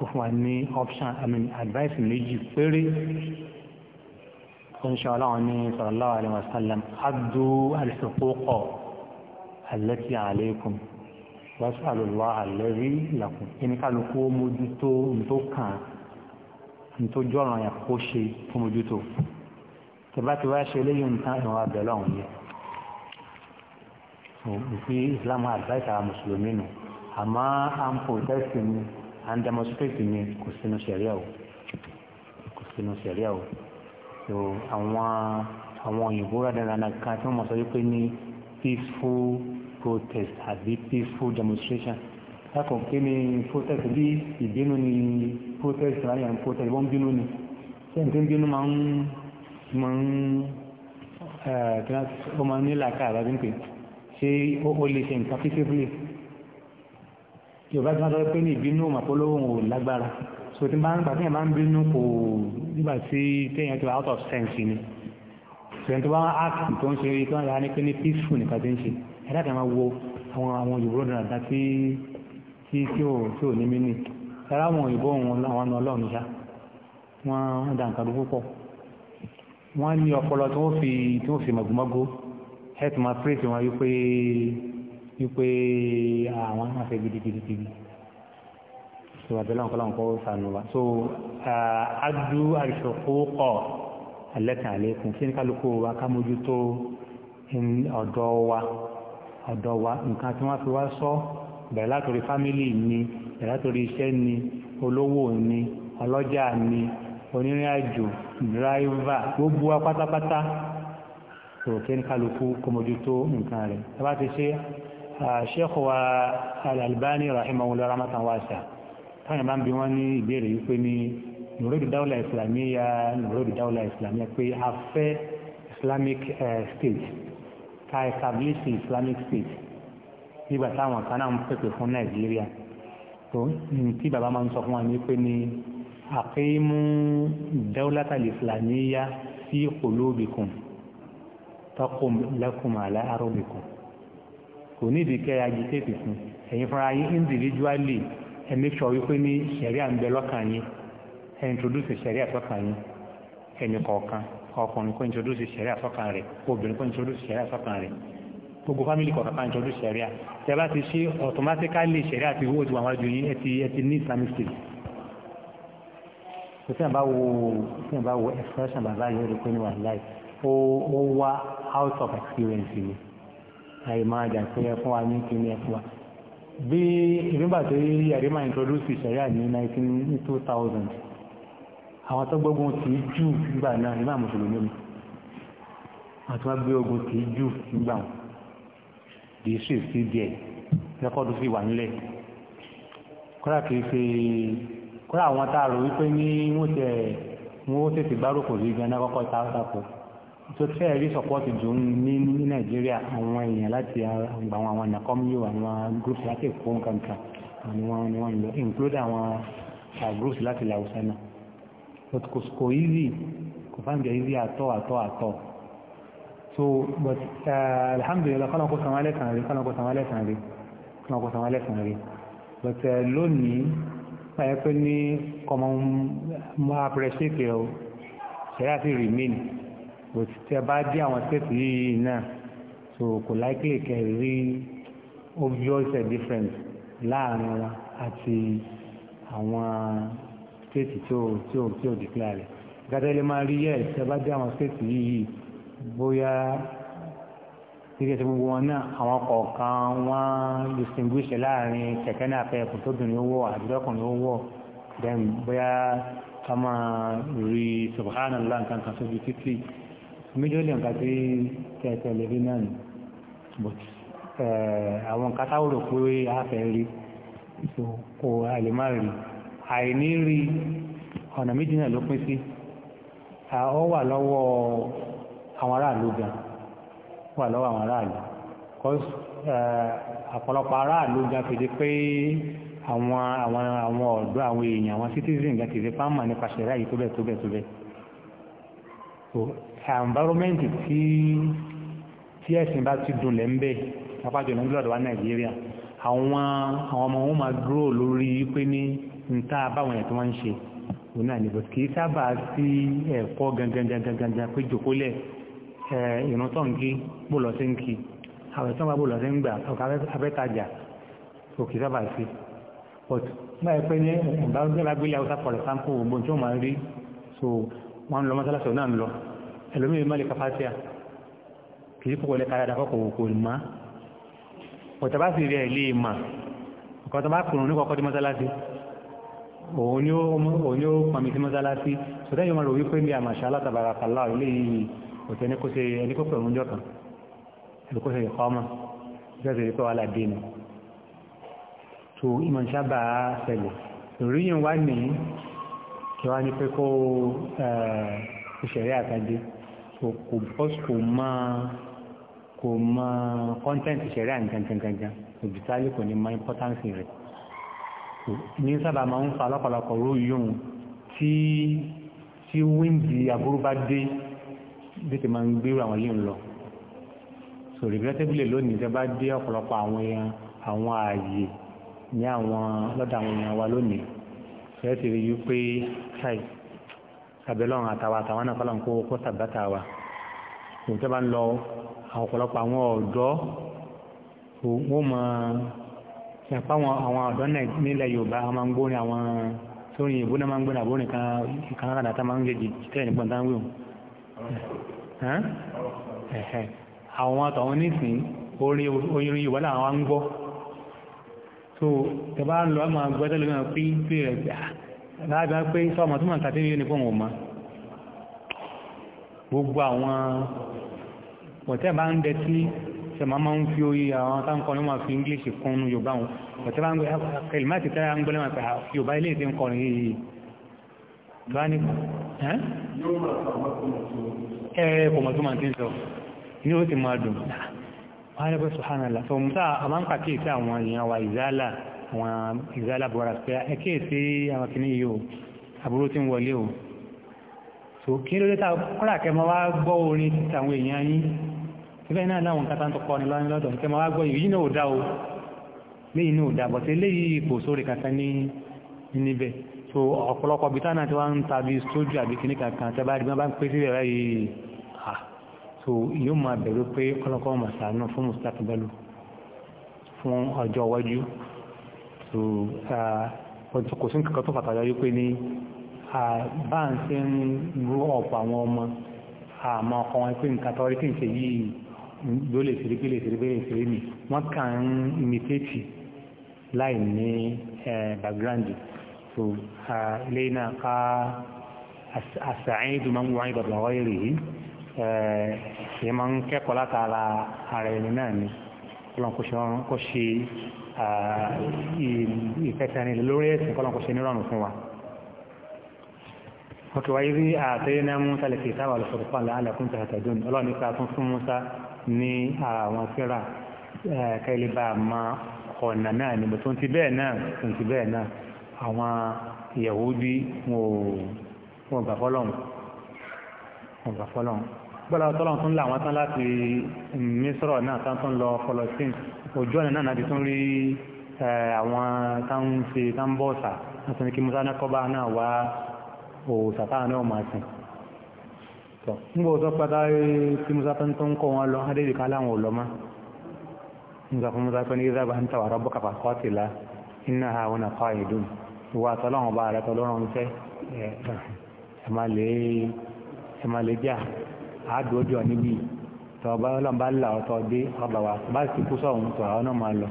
ó fún wa ní option i mean advice méjì péré tó ń ṣe ọlọ́run ní sallallahu alaihi wàsàlùlọ́ àlẹ́rí làkùn ẹnikálukú ó mójútó nító kàn nító jọ́ràn yà kó ṣe fún mójútó tẹ̀bátẹ̀bá ṣe léyìn nǹkan ìwọ̀n abẹ̀lọ́ ọ̀hún yẹ òfin Islam àdáìta mùsùlùmí nù àmọ́ à ń pòtẹ́sì ni à ń dẹmọ́sítrétì ni kò sínú ṣẹ̀ríà o kò sínú ṣẹ̀ríà o so àwọn àwọn òyìnbó rẹ̀ dáadáa kan tí wọ́n mọ̀ sọ wípé ní peaceful protest àbí peaceful demonstration lákàn kí ni protest bí ìbínú ni protest ráyà ń protest wọ́n bínú ni sẹ́yìn tó ń bínú máa ń máa ń ó máa ń nílà káàrà bí ń pè ṣé ó lè ṣe nǹkan peacefully yorùbá tí wọ́n sọ pé ní ìbínú màpolówó ò lágbára so tí máa ń gbà téèyàn máa ń bínú kò nígbà tí téèyàn ti wà out of sense ni ṣèyàn tó bá ń act tó ń ṣe tó ń ra ní pé ní peaceful nìkan ti ń ṣe ẹ̀dá kan máa wo àwọn àwọn òyìnbó dáadáa tí tí tí ò tí ò ní mí nì ẹ̀rá àwọn òyìnbó wọn àwọn ọ̀nà ọlọ́run ṣá wọ́n dà nǹkan dúró pọ̀ wọ́n ní ọpọlọ tí wọ́n fi tí wọ́n fi mọ̀gbọ́mọ́gbó ẹ̀ tí máa pírèsì wọn wípé wípé àwọn máa fẹ́ gidigidigidi so àbẹ̀lẹ̀ ọ̀kọ́lá ọ̀kọ́ sànù wa so adu àìsòkókọ̀ alẹ́kàn àlékún kí ní kálukú wa ká mójútó ọ̀dọ́ wa ọ̀dọ̀ wa nǹkan tí wọ́n fi wá sọ bẹ̀rẹ̀ látòrí fámílì ni bẹ̀rẹ̀ látòrí iṣẹ́ ni olówó ni ọlọ́jà ni onírìnàjò dráìvà gbogbo wa pátápátá òkè ní kálukú kó mójútó nǹkan rẹ̀ ẹ bá ti ṣe Sheikh wa Al-Albani rahimahullah rahmatan wasi'a táwọn ìbá ń bi wọ́n ní ìbéèrè yìí pé ní nùrọ̀dù dáwọ́lá ìsìlámíyà nùrọ̀dù dáwọ́lá ìsìlámíyà pé a islamic eh, state ka establish Islamic State nígbà táwọn kan náà ń pèpè fún Nàìjíríà tó tí bàbá máa ń sọ fún wa ní pé ní àkéémú dawlata islamiyya fi qulubikum taqum lakum ala ardikum kò ní ìdíkẹ́ agitate fún ẹ̀yin fúnra yín individually ẹ make sure wípé ní ṣẹ̀ríà ń bẹ lọ́kàn yín ẹ introduce ṣẹ̀ríà sọ́kàn yín ẹnì kọ̀ọ̀kan ọkùnrin kó introduce sẹ̀ríà sọ́kàn rẹ̀ obìnrin kó introduce sẹ̀ríà sọ́kàn rẹ̀ gbogbo family kọ̀ọ̀kan kan introduce sẹ̀ríà tẹ́ bá ti ṣe automatically sẹ̀ríà ti wó ju àwọn àjò yín ẹ ti ẹ ti ní islamic state kò tí a bá wo tí a bá wo expression bàbá yóò rí pé ní wàhálà ó ó wá out of experience ni àyè máa jà pé ẹkún wa ní kí ni ẹkún wa bí ìrìnbà tó yẹ yàrá máa introduce ìṣẹ̀yà ní nineteen two àwọn tó gbógun tì í jù nígbà náà nígbà mùsùlùmí mi àwọn tó wá gbé ogun tì í jù nígbà wọn kì í ṣe sí díẹ̀ rẹ́kọ́dù sì wà nílẹ̀ kọ́lá kì í ṣe kọ́lá àwọn tá a rò wípé ní wọ́n tẹ̀ wọ́n tètè bá rògbò sí ganan kọ́kọ́ ta tako tó tẹ́ rí sọ́pọ́tì dùn ní ní nàìjíríà àwọn èèyàn láti àgbà àwọn àwọn nàkọ́míyò àwọn groups láti èkó nǹkan kan ni wọ́n ń lọ include àwọn groups láti làwùsá náà but kò kò easy kò fáǹgì easy àtọ́ àtọ́ àtọ́ so but uh, alhamdulilah kọ́nà kó sanwó alẹ́sàn rí kọ́nà kó sanwó alẹ́sàn rí kọ́nà kó sanwó alẹ́sàn rí but uh, lónìí báyẹ̀ pé ní kọmọ mú appreciate ẹ̀ o ṣẹ̀yà sí remain but tẹ bá dé àwọn state yìí so kò likely kẹ rí obvious difference láàrin wa àti àwọn stéètì tí ò tí ò tí ò dìklárẹ̀ gàdá ilé máa rí yẹ ẹ bá dé àwọn stéètì yìí bóyá gẹ́gẹ́ tí gbogbo wọn náà àwọn kọ̀ọ̀kan wọ́n distinguish láàrin kẹ̀kẹ́ náà fẹ́ kò tóbìnrin ó wọ̀ àdúrọ́kùnrin ó wọ̀ then bóyá ká máa rí subhanallah nǹkan kan sóbi títì méjìlélì nǹkan tí kẹ̀kẹ́ lè rí náà nù but eh, àwọn nǹkan táwọn rò pé a fẹ́ rí kò àlè má rí àìní rí ọ̀nà méjì náà ló pín sí ọ wà lọ́wọ́ àwọn aráàlú gan wà lọ́wọ́ àwọn aráàlú cause àpọ̀lọpọ̀ aráàlú gan fìdí pé àwọn àwọn àwọn ọ̀dọ́ àwọn èèyàn àwọn citizen gan fìdí pàmò nípa ṣẹ̀rẹ́ yìí tó bẹ̀ tó bẹ̀ tó bẹ̀ so environment tí tí ẹ̀sìn bá ti dunlẹ̀ ń bẹ̀ pápájọ ní ọdún wa Nàìjíríà àwọn àwọn ọmọ wọn máa dúró lórí pé ní ń tá a báwọn ẹ̀ tí wọ́n ń ṣe òun náà nìbò kì í sábà sí ẹ̀kọ́ gangan gangan gangan pé jòkólẹ̀ ìrún tó ń gé bóòlọ́ sí ń kí àwọn ìtàn bá bóòlọ́ sí ń gbà abẹ́tajà kò kì sábà sí but báyìí pé ní ìbáragbélé haúsá for example gbogbo tí wọ́n máa rí so wọ́n ń lọ mọ́sálásí náà ń lọ ẹlòmíì má lè kafáṣíà kì í kókò lè kára dà kọ́kọ́ kò má ọ̀tá bá sì rí ẹ̀ lè mà ọ̀kọ́ òun ni ó pàmì sí mọ́sálásí ṣùgbọ́n yóò máa rò wípé ní àmàṣà alátàbàrà kàlá ilé yìí òtí ẹni kó ṣe ẹni kó pẹ̀lú ọjọ́ kan ẹni kó ṣe ìkọ́ ọmọ ìjọba ìrìkọ́ wà ládé ni tó ìmọ̀ ń sábà ṣẹlẹ̀ ìròyìn wá ní kí wá ní pé kó ìṣẹ̀rẹ́ eh, àtàdé kò bọ́s kò máa kò máa kọ́ńtẹ́ǹtì ìṣẹ̀rẹ́ àǹkankankan òbítálì kò ní máa ìmpọ́tánsì rẹ̀ ní sábà máa ń fa lọ́pọ̀lọpọ̀ ró yóò tí tí wíńdì aburú bá dé bí ti máa ń gbérù àwọn yìí ń lọ so regrettably lónìí tẹ bá dé ọ̀pọ̀lọpọ̀ àwọn èèyàn àwọn ààyè ní àwọn lọ́dọ̀ àwọn èèyàn wa lónìí fẹ́ ti rí i pé ṣáì abẹ́lọ́run àtàwọn àtàwọn náà fọlọ́n kó kó sàbátà wa òun tẹ́ bá ń lọ ọ̀pọ̀lọpọ̀ àwọn ọ̀dọ́ wọ́n máa ṣàpá àwọn ọ̀dọ́ náà nílẹ̀ Yorùbá a máa ń gbórin àwọn sórin ìbò náà máa ń gbórin kan rádà tá máa ń jẹ́ jìtẹ́ nígbọ̀n tá ń wíwò àwọn àtọ̀wọn nísìn orin Yorùbá náà wá ń gbọ́ so tẹbá ń lọ a máa gbọ́ tẹ́lẹ̀ náà pín pín rẹ̀ pé ah, láàbá pé sọ́ọ̀mọ̀ tó máa tàbí yóò ní fún òun ma gbogbo àwọn wọ̀tẹ́ bá ń dẹ sí sẹ̀mọ́ máa ń fi orí àwọn táǹkọ́ ní wọ́n fi english kún ní yorùbá wọn ọ̀tẹ́ bá ń gbé kẹlìmáàtì tẹ́lá ń gbọ́lẹ́ máa pẹ̀ ah, yorùbá ilé ìsìn kọrin yìí bá ní ẹ̀ẹ́ kò mọ̀ tó máa ti ń sọ ní ó ti máa dùn wọ́n á lẹ́gbẹ́ sọ̀hánàlá tó mú sáà a máa ń pàkíyèsí àwọn so kí ló dé ta kọ́lá kẹ́ máa wá gbọ́ orin tàwọn èèyàn yín síbẹ̀ náà láwọn nǹkan tó kọ́ ni lọ́dọ̀ nǹkan máa gbọ́ yìí náà ò dá o léyìn náà ò dá bọ̀tẹ́ léyìí kò sórí kankan ní níbẹ̀ so ọ̀pọ̀lọpọ̀ bí táwọn àti wá ń tàbí sójú àbí kìíní kankan tẹ́ bá rí bá ń pè so yóò máa bẹ̀rù pé ọlọ́kọ́ máa ṣàánú fún mustapha bello fún so ọjọ́ kò sí nǹkan tó fàtàlá yóò pé ní bá ń ṣe ń rú ọ̀pọ̀ àwọn ọmọ àmọ́ ọkọ̀ wọn pé nǹkan tọ́rí kí n ṣe yìí ló lè ṣeré pé lè ṣeré pé lè ṣeré mi wọ́n kàn ń imitate láì ní background so lẹ́yìn náà ká àṣàyìn tó máa ń wáyé bàbá wáyé rèé ṣe máa ń kẹ́kọ̀ọ́ látara ara ẹni náà ni kọ́lọ́n kó ṣe ìfẹsẹ̀rin lórí ẹ̀sìn kọ́lọ́n kó ṣe nírọ̀rùn fún wa. wọ́n ti wáyé rí àtẹ́yẹ́ náà mú sálẹ̀ kìí sábà lọ́sọ̀rọ̀ fún àlàkùn tàtàdùn ọlọ́ọ̀nípa tún fún Musa ní àwọn síra kẹ́lẹ́ bá a mọ ọ̀nà náà níbo tó ń ti bẹ́ẹ̀ náà tó ti bẹ́ẹ̀ náà àwọn Yahudi wọn ò gbà fọ́lọ́hun wọn ò gbà fọ́lọ́hun gbọ́dọ̀ tọ́lọ́hun tún láwọn tán láti mísọ̀rọ̀ náà tán tún lọ fọlọ́sìn ojú ọ̀nà náà láti tún rí àwọn táwọn ṣe táwọn bọ́ọ̀sà láti ní kí musa náà kọ́ bá náà wá òòsà táwọn náà máa sìn tọ̀ nígbà tó padà tí musa fẹ́ tó ń kọ́ wọn lọ adé ìdíkà láwọn ò lọ mọ́ nígbà fún musa fẹ́ ní ìzábà ń tàwàrà bọ́ kàfà kọ́ ti la iná ha wọn àkọ́ àìdùn ìwà àtọ́lọ́wọ̀n bá ara tọ́lọ́rùn fẹ́ ẹ̀ má lè jà àádùn ojú ọ níbí dé ọba wa bá sì kú sọ̀hún tọ̀ àwọn náà máa lọ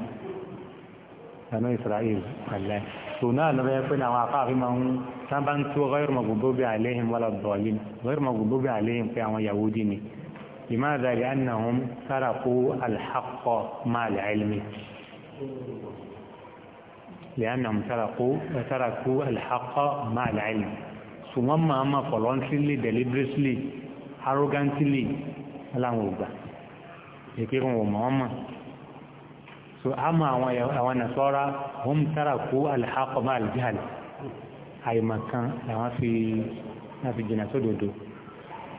ẹ̀nà Israel pẹ̀lẹ́ tòun náà lọ́wọ́ pé tán bá ń tó ghayr maghdubi alayhim wala ddallin ghayr maghdubi alayhim pé àwọn yahudi ni limadha li annahum saraqu alhaqqa ma'al ilmi li annahum saraqu saraqu alhaqqa ma'al ilmi ṣùgbọ́n máa ma voluntarily deliberately arrogantly aláwọn ògbà èké wọn ò mọ̀ mọ̀ so àmọ́ àwọn àwọn nasara hum saraqu alhaqqa ma'al jahl àìmọ̀kan làwọn fi láti jìnà sódòdó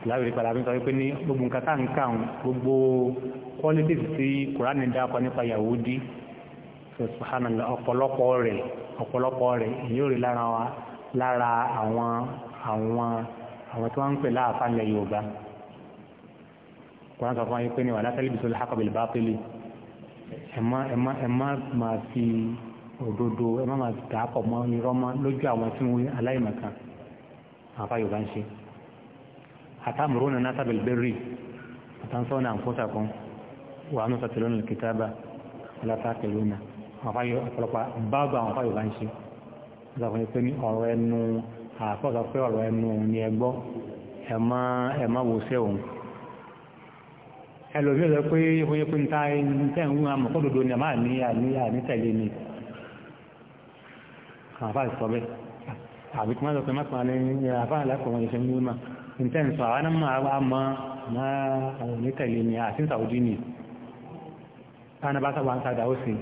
láwìrí padà bí n sọ wípé ní gbogbo nǹkan tá ń kàún gbogbo qualities tí kùránì dákọ nípa Yahudi subhanallah ọ̀pọ̀lọpọ̀ rẹ̀ ọ̀pọ̀lọpọ̀ rẹ̀ èyí ò rí lára wa lára àwọn àwọn àwọn tí wọ́n ń pè láàfáà ilẹ̀ Yorùbá kùránì sọ fún wa wípé ní wàlá tẹ́lifíṣọ́ lè hákọ̀ bẹ̀lẹ̀ bá pélé ẹ̀mọ́ ẹ̀mọ́ ẹ̀mọ́ máa fi òdodo ẹ má máa dà á pọ̀ mọ́ irọ́ mọ́ lójú àwọn tí wọ́n aláìmọ̀kan àfa yorùbá ń ṣe àtàmúrò nínú sábẹ̀lì bẹ́rì àtàǹsọ́ náà fọ́sà kan wà á nù sàtìlọ́ nínú kìtàbà aláta pẹ̀lú náà ọ̀pọ̀lọpọ̀ báàbà àwọn àfa yorùbá ń ṣe ọ̀sàfún yìí pé ní ọ̀rọ̀ ẹnu àfọ́sà pé ọ̀rọ̀ ẹnu ni ẹ gbọ́ ẹ má wo sẹ́ òun ẹlòmíràn pé yẹ àwọn afáà sọ bẹ́ẹ̀ àbí kí wọ́n sọ pé má pa ní afáà lákòókò ẹ̀ṣẹ̀ ní wíwá nǹkan ń sọ àwọn máa wá mọ́ máa àwọn onítẹ̀lé ni àti ń sàwọ́dí ni fáànà bá sábà ń sadà ó sì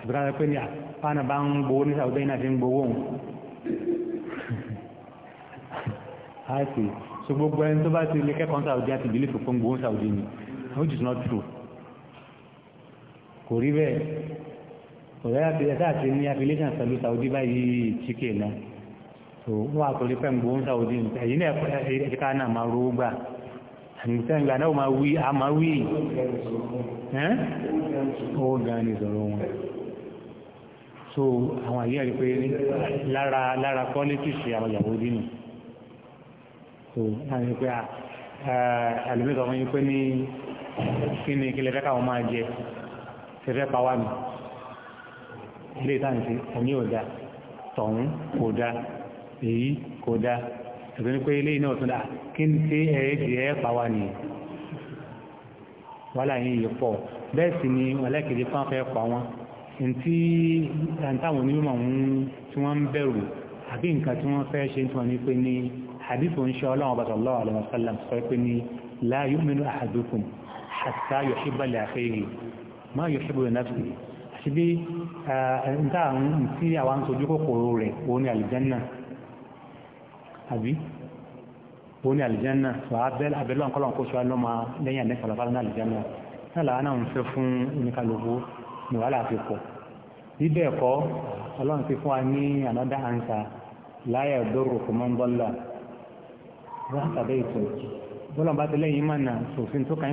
àbí ká pé ní fáànà bá ń gbowó ní sàwọ́dí náà fi ń gbowó òun á [laughs] sì so gbogbo ẹni tó bá ti lè kẹ́kọ̀ọ́ sàwọ́dí àti ìbílẹ̀ fòfin gbowó sàwọ́dí ni which is not true kò rí bẹ́ẹ̀ ọ̀rẹ́ ẹ̀dá àti ní affiliation pẹ̀lú Saudi báyìí chike náà tó wà torí pẹ́ gbogbo ń Saudi èyí náà ẹ̀ka náà máa ro gbà àmìsẹ́ngbà náà máa wí a máa wí ó gan ni sọ̀rọ̀ wọn so àwọn àyè rí pé lára lára politics àwọn ìyàwó dínú so láti rí pé àlùmíkọ̀ fún yín pé ní kí ni kí lè fẹ́ káwọn máa jẹ ṣe fẹ́ pa wá mi ilé ìtàǹsí ẹni ò dá tọ̀hún kò dá èyí kò dá ẹ̀sùn ní pé ilé iná ọ̀tún dá kí n tí ẹ̀ẹ́dì ẹ̀ pàwà ní wàhálà yìí yìí pọ̀ bẹ́ẹ̀ sì ni ẹlẹ́kẹ̀ẹ́dẹ́ fún afẹ́ pa wọn ntí àtàwọn onímọ̀ ń tí wọ́n ń bẹ̀rù àbí nǹkan tí wọ́n fẹ́ ṣe tí wọ́n ní pé ní àdìsò ń ṣe ọlọ́run ọba sallallahu alaihi sọ pé ní la yu'minu ahadukum hatta yuhibba li akhihi ma yuhibbu li nafsihi síbí ẹ̀ǹtà ń tí àwọn ń sojú kòkòrò rẹ̀ òun ni àlìjánà àbí òun ni àlìjánà sọ abẹ́lẹ́ ọ̀nkọ́lọ̀ kó sọ alọ́mọ lẹ́yìn àmẹ́fà lọ́fà ní àlìjánà náà làwọn náà ń fẹ́ fún oníkàlùkù ní wàhálà àti pọ̀ bíbẹ̀ ẹ̀kọ́ ọlọ́run ti fún wa ní ànádá àǹsà láyà ìdóró kò mọ́ ń bọ́lá rákàdé ìtọ́jú bọ́lá bá ti lẹ́yìn mọ̀nà sòfin tó kàn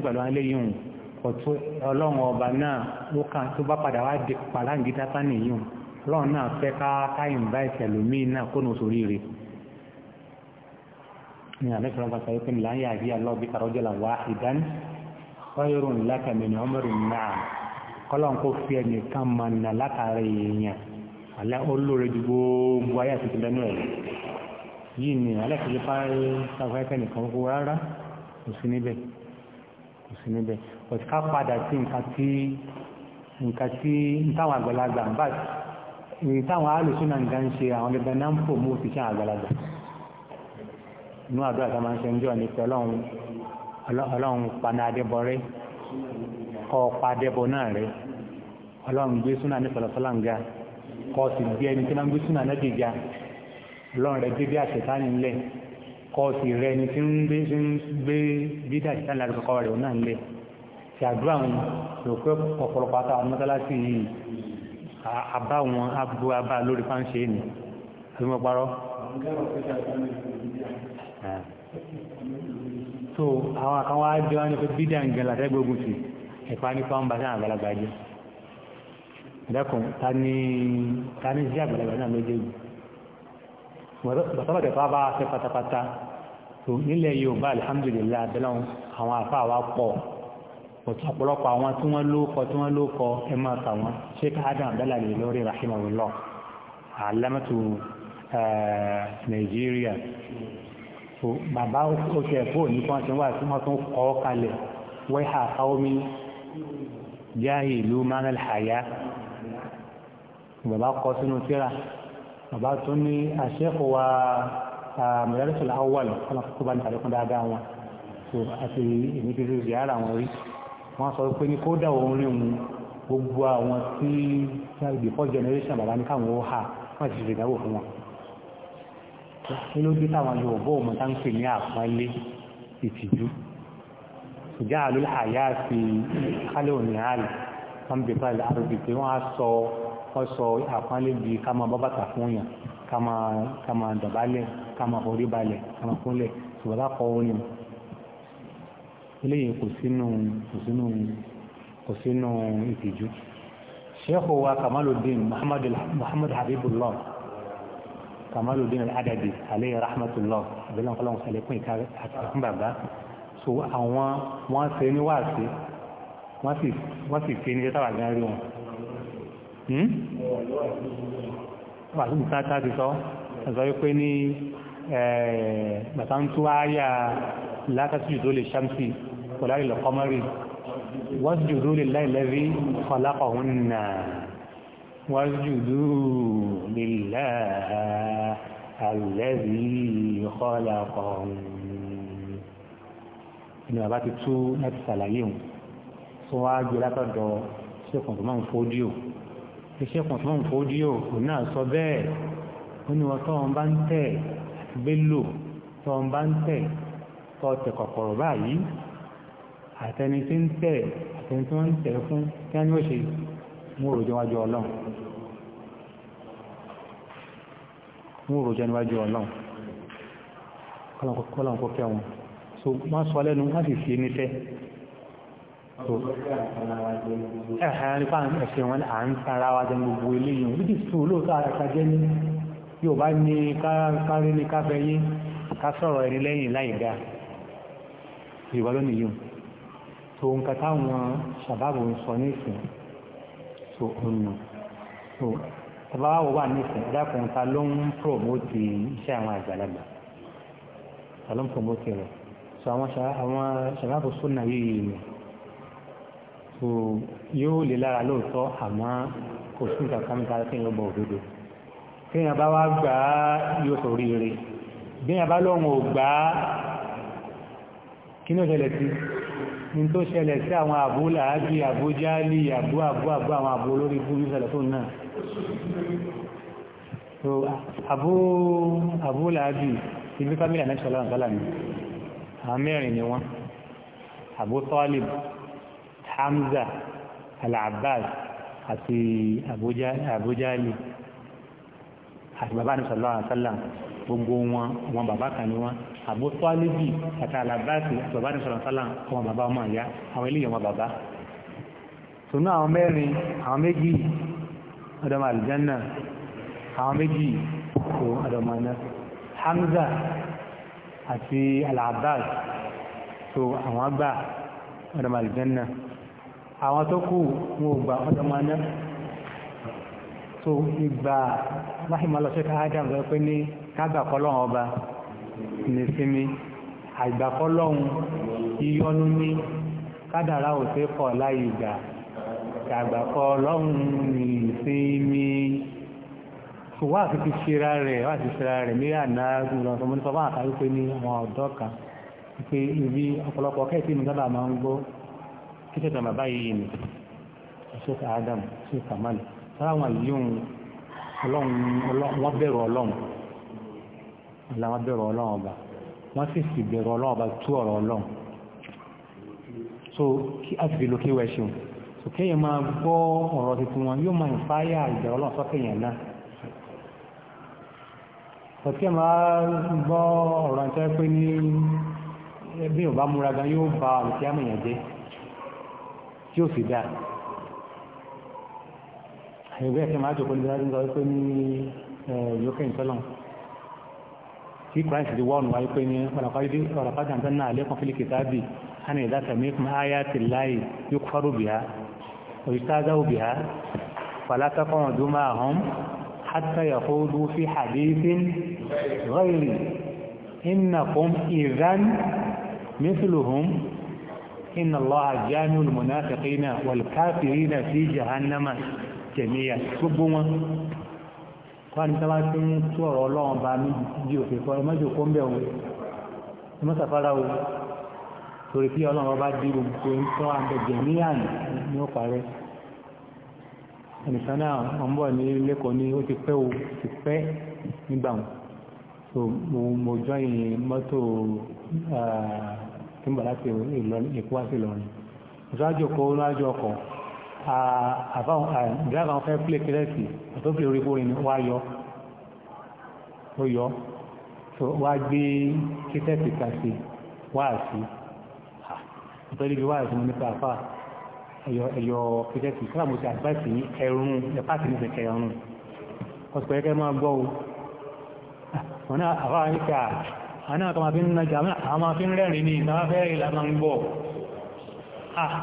ọ̀tún ọlọ́run ọba náà ló kà tó bá padà wá di pàláǹgídá sánìyàn ọlọ́run náà fẹ́ ká ká ìmbá ìṣẹ̀lómí náà kó nù sórí rẹ̀ ni àlẹ́sọ̀rọ̀ bá sọ pé láyé àbí alọ́bí kàrọ́jọ́là wá ìdán ọ̀yọ́rùn lákàmì ní ọmọrùn náà kọ́lọ́n kó fi ẹnì kan mọ̀ nà látàrí èèyàn alẹ́ olóore ju gbogbo ayé àti ìtìlẹ́nu ẹ̀ yìí ni alẹ́sọ̀rọ̀ bá sọ pé nìkan kò sí níbẹ̀ but ká padà sí nǹkan tí nǹkan àgbàlagbà ń bá èyí táwọn alùsùn náà nǹkan ń ṣe àwọn gẹ́gẹ́ náà ń pò mú òfìṣẹ́ àgbàlagbà inú àdúrà tá a máa ń ṣe ń jọ ní pé ọlọ́run paná adébọrẹ́ kọ́ pa adébọ náà rẹ ọlọ́run gbé súnà ní ń ga kọ́ sì gbé ẹni tí wọ́n kọ́ọ̀sì rẹ ni tí ń gbé tí ń gbé bídà ìta lárúkọ rẹ̀ náà ń lẹ̀ tí àdúrà wọn ló pẹ́ ọ̀pọ̀lọpọ̀ àtàwọn mọ́tálásì yìí àbá wọn abo abá lórí fáńṣe ni àbí mo parọ́. so àwọn kan wá jọ ní pé bídà ń gẹ̀lá tẹ́gbógun sí ẹ̀fà ní fáwọn bàtà àgbàlagbà jẹ́ dákun ta ni ta ni sí àgbàlagbà náà méjèèjì bàtà bàtà bá a ṣe pátápátá tó nílẹ̀ yorùbá alihamudulilá abẹ́láwọn àwọn àfa wa pọ̀ ọ̀pọ̀lọpọ̀ àwọn tí wọ́n ló kọ tí wọ́n ló kọ ẹ máa kà wọ́n sheikh adam abdalali lórí rahimahullah alamatu eh, nàìjíríà so bàbá ó tẹ̀ fóònù ní wọ́n ti wá tí wọ́n tún kọ́ kalẹ̀ wẹ́hà káwọ́mí jáhì ìlú manal haya bàbá kọ sínú tíra bàbá tún ní àṣẹ́kọ̀ọ́ wa mọ̀lẹ́rìsọ̀lá awọ́lù kọ́nà tó bá ní àlékún dáadáa wọn so àti èmi fi rí ara wọn rí wọ́n sọ pé ní kódà òun rí mu gbogbo àwọn tí the first generation bàbá ní káwọn ó hà wọ́n ti ṣe ìdáwò fún wọn nínú bí táwọn Yorùbá ọmọ tá ń pè ní àpọ́nlé ìtìjú ìjà àlùlá àyà àti kálíwò ní àlè wọ́n bẹ̀rẹ̀ àrùbí pé wọ́n á sọ àkọ́kọ́ sọ àpọ́nlé bí ká máa bọ́ bàtà fún yàn ká máa dọ̀bálẹ̀ ká máa forí balẹ̀ ká máa kúnlẹ̀ ṣùgbọ́n bá kọ́ ó ní eléyìí kò sínú kò sínú kò sínú ìtìjú sheikh wa kamaluddin muhammad habibullah kamaluddin al-adadi alayhi rahmatullah abdullahi kọlọ́hún sàlékún ìka àtàkùn bàbá so àwọn wọ́n ṣe ní wáàsí wọ́n sì fi ní sábà gan rí wọn Hmm? wàásù tátà ti sọ ẹ̀sọ́ wípé ní bàtàntú ayà látàtújù tó lè ṣàmsì pọ̀lárí lọ́kọ́mọ́rì wọ́sùjùdú lè láìlẹ́rí kọlákọ̀hún náà wọ́sùjùdú lè láìlẹ́rí kọlákọ̀hún inú àbá ti tú láti sàlàyé hùn tó wá gbé látọ̀dọ̀ ṣe kọ̀tùmọ́ fódíò ṣe kùn tó ń fojúò kò náà sọ bẹ́ẹ̀ ó ní wọn tọ́wọ́n bá ń tẹ̀ bélò tọ́wọ́n bá ń tẹ̀ tọ́ tẹ̀ kọ̀kọ̀rọ̀ báyìí àtẹni tí ń tẹ̀ àtẹni tí wọ́n ń tẹ̀ fún kí wọ́n ní ó ṣe mú òròjọ́ níwájú ọlọ́run mú òròjọ́ níwájú ọlọ́run kọ́lọ́n kó kẹ́ wọn so wọ́n sọ lẹ́nu wọ́n sì fi ní fẹ́ ẹ̀hẹ́ nípa ẹ̀ṣẹ̀ wọn à ń sára wa jẹun gbogbo eléyìn níbi sùn lóòótọ́ àrẹ̀ta jẹ́ ní yóò bá ní kárí ní káfẹ́yé ká sọ̀rọ̀ ẹni lẹ́yìn láì dá yorùbá lónìí yìí tó nǹkan táwọn ṣàbábò ń sọ ní ìsìn tó ọ̀nà tó ọba wà wà ní ìsìn ẹ̀dàkùn ta ló ń promote iṣẹ́ àwọn àgbàlagbà ta ló ń promote rẹ̀ so àwọn ṣàbábò sọ́nà yìí yìí so yóò lè lára lóòótọ́ àmọ́ kò sí nǹkan kan nípa tí yóò bọ̀ òdodo téèyàn bá wá gbà á yóò sọ oríire béèyàn bá lóun ò gbà á kí ló ṣẹlẹ̀ sí ní tó ṣẹlẹ̀ sí àwọn àbú làábí àbú jáálì àbú àbú àbú àwọn àbú olórí ibú ìṣẹ̀lẹ̀ tó náà so àbú àbú làábí ibi kámílà náà ṣọlá àwọn mẹ́rin ni wọ́n àbú tọ́lìbù hamza al-abbas àti abujali àti bàbá ní sallallahu alaihi wasallam gbogbo wọn wọn bàbá kan ní wọn Abu Talibi àti alàbáàsì àti bàbá ní sallallahu alaihi wasallam wọn bàbá ọmọ ìyá àwọn eléyìí wọn bàbá tòun àwọn mẹ́rin àwọn méjì ọdọmọ àlùjánà àwọn méjì kò ọdọmọ náà hamza àti al tó àwọn gbà ọdọmọ àlùjánà àwọn tó kù wọn ò gbà ọjọ́ máa ná so ìgbà láhìmọ́ lọ ṣẹ́ka adam lọ pé ní kágbàkọ́lọ́hún ọba nìsinmi àgbàkọ́lọ́hún ìyọnu ní kádàrá ò sí kọ̀ láyé ìgbà àgbàkọ́lọ́hún nìsinmi ṣùgbọ́n àti ti ṣera rẹ̀ wá ti ṣera rẹ̀ ibi ọ̀pọ̀lọpọ̀ kẹ́ẹ̀tì mi sábà máa ń títẹ̀ tàn bàbá yìí ni ṣèkà Adam ṣèkà mali sáwọn yíyún wọ́n bẹ̀rù ọlọ́run làwọn bẹ̀rù ọlọ́run ọba wọ́n sì sì bẹ̀rù ọlọ́run ọba tú ọ̀rọ̀ ọlọ́run so kí a sì fi lo kéwàá ṣeun so kéèyàn máa gbọ́ ọ̀rọ̀ tuntun wọn yóò máa ń fáyà ìbẹ̀rù ọlọ́run sọ́kèèyàn náà ọ̀tí ma gbọ́ ọ̀rọ̀ ìtẹ́ pé ní ẹbí ò bá múra gan yóò bá ọ̀rọ̀ tí a tí ó fi dá ẹgbẹ́ ẹ̀kẹ́ máa jòkó nígbà nígbà wípé ní yókè ìtọ́lọ̀ tí christ di wọ́ọ̀nù wáyé pé ní ọ̀rọ̀pájà ń tánà àlékún fílì kìtàbì hánà ìdá tàmí kún áyá ti láì yóò kọ́rù bìá òyìtáza òbìá fàlátà kọ́rùn ọdún máa hàn hátà yàkóódú fi hadithin rọ́ìrì innakum ìran mithluhum inna Allaha jami'ul munafiqina wal kafirina fi jahannama jami'a gbogbo wọn fáwọn ìtawà tí ń tú ọ̀rọ̀ ọlọ́run bá mi jí òfin kọ́ ẹmọ́jò kó ń bẹ̀ òun ẹmọ́ sàfárá o torí kí ọlọ́run bá dí gbogbo ń tọ́ àbẹ̀jẹ̀ ní àná ní ó parẹ́ ẹnìkan náà wọ́n bọ̀ ní lẹ́kọ̀ọ́ ní ó ti pẹ́ o ti pẹ́ nígbà wọn so mo jọ ìyìn mọ́tò tí ń bọ̀ láti èkó wá sí ìlọrin ìṣáájú ọkọ̀ oníwájú ọkọ̀ dráìbà wọn fẹ́ pílẹ̀ kírẹ́sì àtọ́pì orí kó rin wá yọ ó yọ wá gbé kírẹ́sì ká sí wá sí nítorí bí wá sí mo nípa àfà ẹ̀yọ kírẹ́sì sábà mo ti àdíváìsì ní ẹ̀rún ẹ̀páàtì ní ìṣẹ̀kẹ̀ ẹ̀rún ọ̀sùpẹ̀ kẹ́kẹ́ máa gbọ́ o wọn náà àfà wọn ní ká àná àkàmà fi ń najà àmà fi ń rẹ̀rìn ní ìtàwà fẹ́ ìlànà ń bọ̀ ah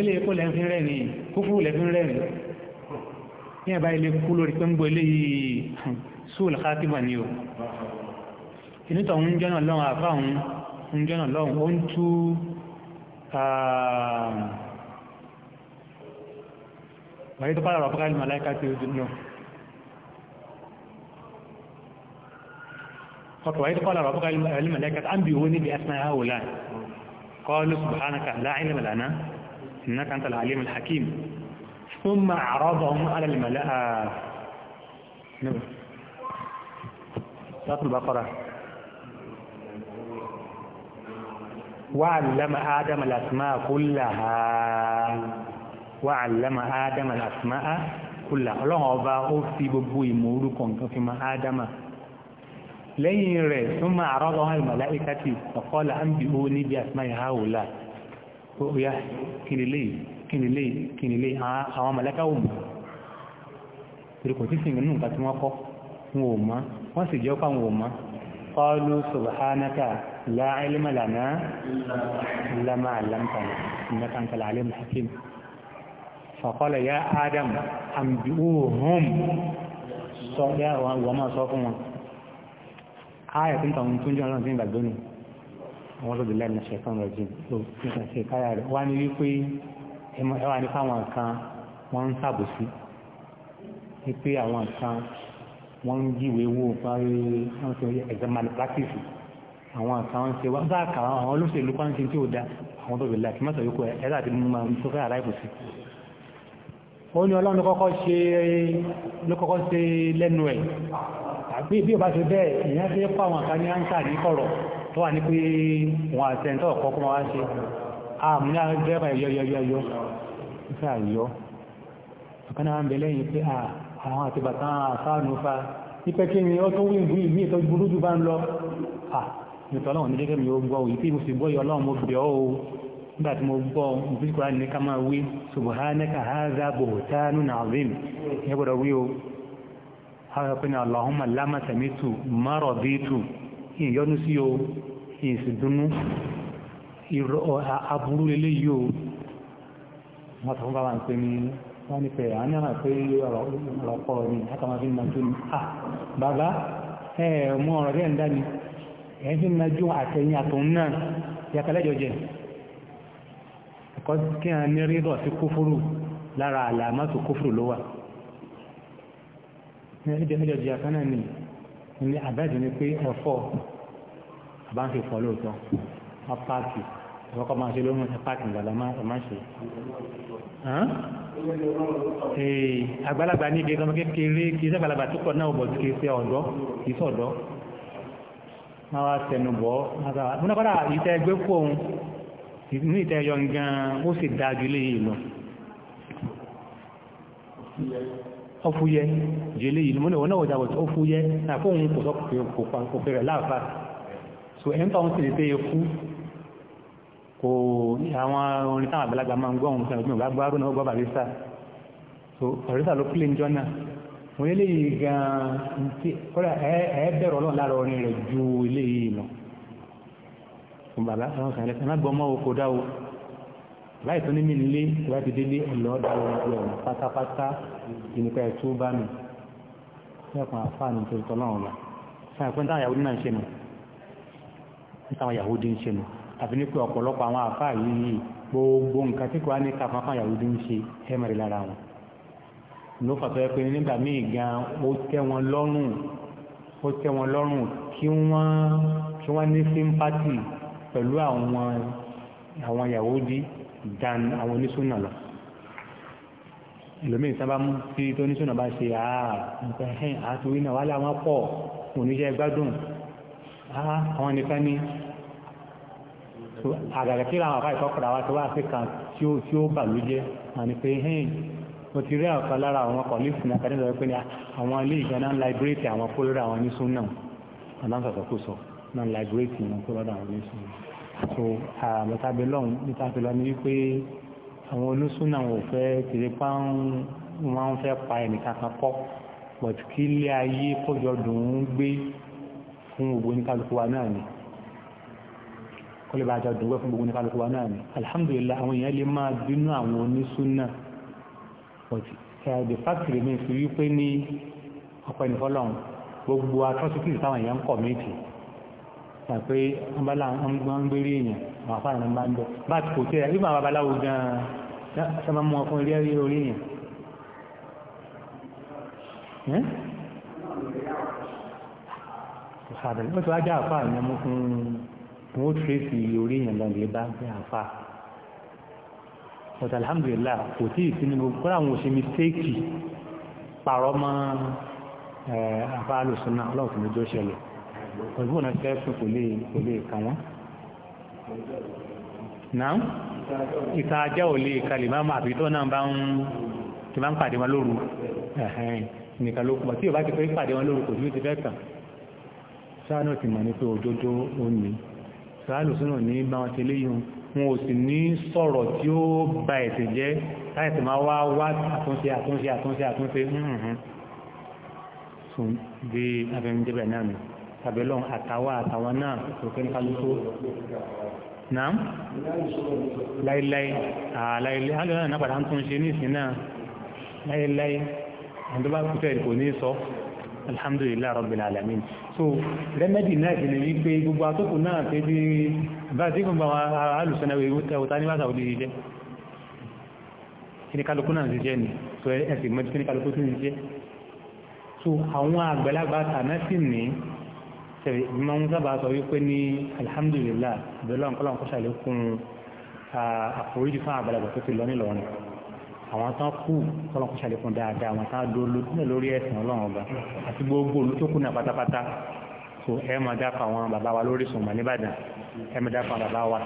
ilé ikú lẹ́ fi rẹ̀rìn kúfù lẹ́ fi rẹ̀rìn ní ẹ̀bá ilé kú lórí pé ń gbọ́ ilé yìí sùúl kátìmà ni o ìnítọ̀ ń jọ́nà lọ́run àfá ń jọ́nà lọ́run ó ń tú wàyí tó pàdà rọ̀ pàdà ní màláìkà tí ó dùn náà وإذ قال ربك الملائكة أنبئوني بأسماء هؤلاء قالوا سبحانك لا علم لنا إنك أنت العليم الحكيم ثم عرضهم على الملأ نبه سورة البقرة وعلم آدم الأسماء كلها وعلم آدم الأسماء كلها الله أبا أوفي ببوي مولوكم كنت في آدم لين رأي ثم أعرضها الملائكة فقال أنبئوني بأسماء هؤلاء رؤيا كني لي كني لي كني لي أوا ملك أوما تركوتي سنغنون قتموك أوما وسجوك أوما قالوا سبحانك لا علم لنا إلا ما علمتنا إنك أنت العليم الحكيم فقال يا آدم أنبئوهم يا وما صوفهم aya tí ń tàwọn tó ń jẹ́ ọlọ́run tí ń gbàgbọ́ nù àwọn olóògbé lẹ́nu ṣẹ̀tàn rẹ̀ jù tó ń kàn sí káyà rẹ̀ wá ní wípé ẹwà ní fáwọn kan wọ́n ń sàbòsí wípé àwọn kan wọ́n ń jíwé wó parí wọ́n ti ẹ̀gbẹ́ malpractice àwọn kan ń ṣe wá bá kà àwọn olóṣèlú kan ti tí ó da àwọn olóògbé lẹ́nu mọ́tò yòókù ẹ̀ láti mú ma tó fẹ́ àrà ìbòsí ó ní ọlọ́run kọ́kọ́ ṣe lẹ́nu ẹ̀ àbí bí o bá ṣe bẹ́ẹ̀ èèyàn fi pa àwọn àkàní áńkà ní kọ̀rọ̀ tó wà ní pé wọn àtẹ̀ntọ́ ọ̀kọ́ kọ́ wá ṣe àmì náà dẹ́rẹ́bà yọyọyọyọ ìfẹ́ àyọ ọ̀kan náà ń bẹ lẹ́yìn pé àwọn àti bàtà àfáànù fa ipẹ́ kí ni ó tó wí ìlú ìmí ìtọ́jú burú jù bá ń lọ à nítorí ọlọ́run ní gẹ́gẹ́ mi ó gbọ́ òyìn tí mo sì gbọ́ yọ ọlọ́run mo bẹ̀ ọ́ o nígbà tí mo ní ká máa wí subhanaka hadha buhtanun azim ìyẹn gbọ́dọ̀ wí o àwọn ọ̀pẹ́ ni Allahumma lámàtàmítù márọ̀dítù ìyọnú sí o ìsìdúnú aburú lélé yìí o wọ́n tàbí bá wà ń pè ní wọ́n ní pẹ̀lú àwọn náà pé ọ̀pọ̀ ní àtàmàfin nàjú ni à bàbá ẹ̀ ọ̀rọ̀ rẹ̀ ń dá ni ẹ̀ àtẹ̀yìn àtòun náà ẹjọ́ jẹ́ àkánà ní ní àbẹ́jì ní pé ẹ̀fọ́ àbáǹfẹ́ fọ́ lóòótọ́ apáàkì ọkọ̀ máa ṣe lóhun apáàkì ìgbàlá máa ṣe àgbàlagbà ní ibi ọmọ kékeré kìí sàgbàlagbà tó pọ̀ náà bọ̀ kìí ṣe ọ̀dọ́ kìí sọ̀dọ́ máa wá tẹnu bọ́ múná kọ́dà ìtẹ́ ẹgbẹ́ kú òun ní ìtẹ́ ẹyọ gan ó sì dáa ju léyìí lọ ó fúyẹ́ jẹ́lé yìí mo ní wọn náà wọ́n jábọ̀ ó fúyẹ́ àfóhun kò sọ kò fẹ́rẹ̀ láàfà so ẹni tó ń sì lè tẹ́ ikú kò ní àwọn orin táwọn àgbàlagbà máa ń gbọ́ ohun sọ̀rọ̀ gbọ́n gbọ́ àrùn náà gbọ́ bàrísà so bàrísà ló kílè níjọ́ náà wọ́n lè yìí gan-an tí kọ́lá láì tó ní mi nílé láti délé ọ̀nà ọ̀dà ọ̀rọ̀ pátápátá ìnípa ẹ̀tú bá mi lẹ́kùn àfáà ní torí tọ́lọ́run lọ fún ẹ̀pẹ́ táwọn Yahudi náà ń ṣe nù nítawọn Yahudi ń ṣe nù àfi ní pé ọ̀pọ̀lọpọ̀ àwọn àfáà yìí gbogbo nǹkan tí kò á ní kàfán fún Yahudi ń ṣe ẹ̀mẹ̀rẹ̀ lára wọn ló fàtọ́ ẹ pé nígbà míì gan ó tẹ́ lọ́rùn ó tẹ́ lọ́rùn kí wọ́n ní sympathy pẹ̀lú àwọn àwọn Yahudi dan àwọn onísúnà lọ ẹlòmíì sábà tí tó onísúnà bá ṣe àá nǹkan ẹ̀hìn àtúwí náà wálé àwọn pọ̀ oníṣẹ́ gbádùn àwọn nìkan ní àgàgà tí làwọn àfáà ìfọ́kọ̀dà wá tó wá sí kan tí ó bà ló jẹ́ àní pé ẹ̀hìn mo ti rí ọ̀kan lára àwọn kọ̀lífù ní akadẹ́sọ̀ pé àwọn ilé ìgbàna ń láìbírètì àwọn kó lórí àwọn onísúnà àdáǹsọ̀tọ̀ kò sọ náà láìbírètì wọn kó lọ́dọ̀ àwọn onísúnà so àmọ́tàbẹ́ lọ́hùn níta fi lọ ní wípé àwọn olóṣùnà wọn ò fẹ́ tèrè pa wọn fẹ́ pa ẹnìkan kan pọ̀ pọ̀tù kí ilé ayé kọjọ dùn ún gbé fún gbogbo oníkálukú wa náà ni kọ́lé bá jọ dùn ún gbé fún gbogbo oníkálukú wa náà ni alhamdulillah àwọn èèyàn lè máa bínú àwọn oníṣùnà pọ̀tù the fact remains wípé ní ọ̀pọ̀ ẹnìfọ́lọ́hùn gbogbo atrocities táwọn èèyàn ń kọ̀ méjì pàpé ọmọlá ọmọgbèrè èèyàn àwọn afárànà bá ń bọ̀ bá ti kò tẹ́ ẹ̀ ibà babaláwo gan-an sábà mú ọkùn ilé rí orí èèyàn ọ̀sàdàn ó ti wá jẹ́ ìyẹn mú fún wọn ó tírèsì orí èèyàn lọ́gbẹ̀ẹ́ bá jẹ́ àfáà but alhamdulillah kò tí ì sí ní gbogbo kọ́ra àwọn òṣèlú mistéèkì pàrọ̀ mọ́ àfáà lòsùn náà ọlọ́run kò ní jọ ṣẹlẹ̀ òyìnbó náà fẹ́ fún kò lè kò lè kà wọ́n. náà ìta ajá ò lè kalẹ̀ máa máa àbítọ́ náà bá ń tí bá ń pàdé wọn lóru nìkan ló kùmọ̀ tí ò bá ti fẹ́ pàdé wọn lóru kò sí ó ti fẹ́ kàn sáà náà ti mọ̀ ní pé òjòjò ó ní sáà lòsùn náà ní bá wọn ti léyìn wọn ò sì ní sọ̀rọ̀ tí ó ba ẹ̀sìn jẹ́ láìsí máa wá wá àtúnṣe àtúnṣe àtúnṣe àtúnṣe bí abẹ́mídébẹ̀ náà nù àbẹ̀lọ́n àtàwà àtàwọn náà tó kí n kálukú náà láíláí àláíláí alẹ́lẹ́ náà padà ń tún ṣe ní ìsìn náà láíláí àwọn tó bá kúfẹ́ kò ní sọ alhamdulillah rabbil alamin so remedy náà ti ní wípé gbogbo àtòkù náà ti bí bá sí gbogbo àwọn alùsọ́nà ìwòta ní wáṣà òdí jẹ́ kí ní kálukú náà ti jẹ́ ni so ẹ̀sìn mọ́ tẹ̀lé mọ́ ń sábà sọ wípé ní alhamdulillah bẹ̀rẹ̀ ọ̀nkọ́lá ọ̀nkọ́ ṣàlékún àforíjì fún àgbàlagbà tó ti lọ nílọrin àwọn tán kú kọ́lọ́n kó ṣàlékún dáadáa àwọn tán dó lójúmọ̀ lórí ẹ̀sìn ọlọ́run ọba àti gbogbo olùtókù náà pátápátá so ẹ mọ̀ dápọ̀ àwọn bàbá wa lórí sùnmọ̀ nìbàdàn ẹ mọ̀ dápọ̀ àwọn bàbá wa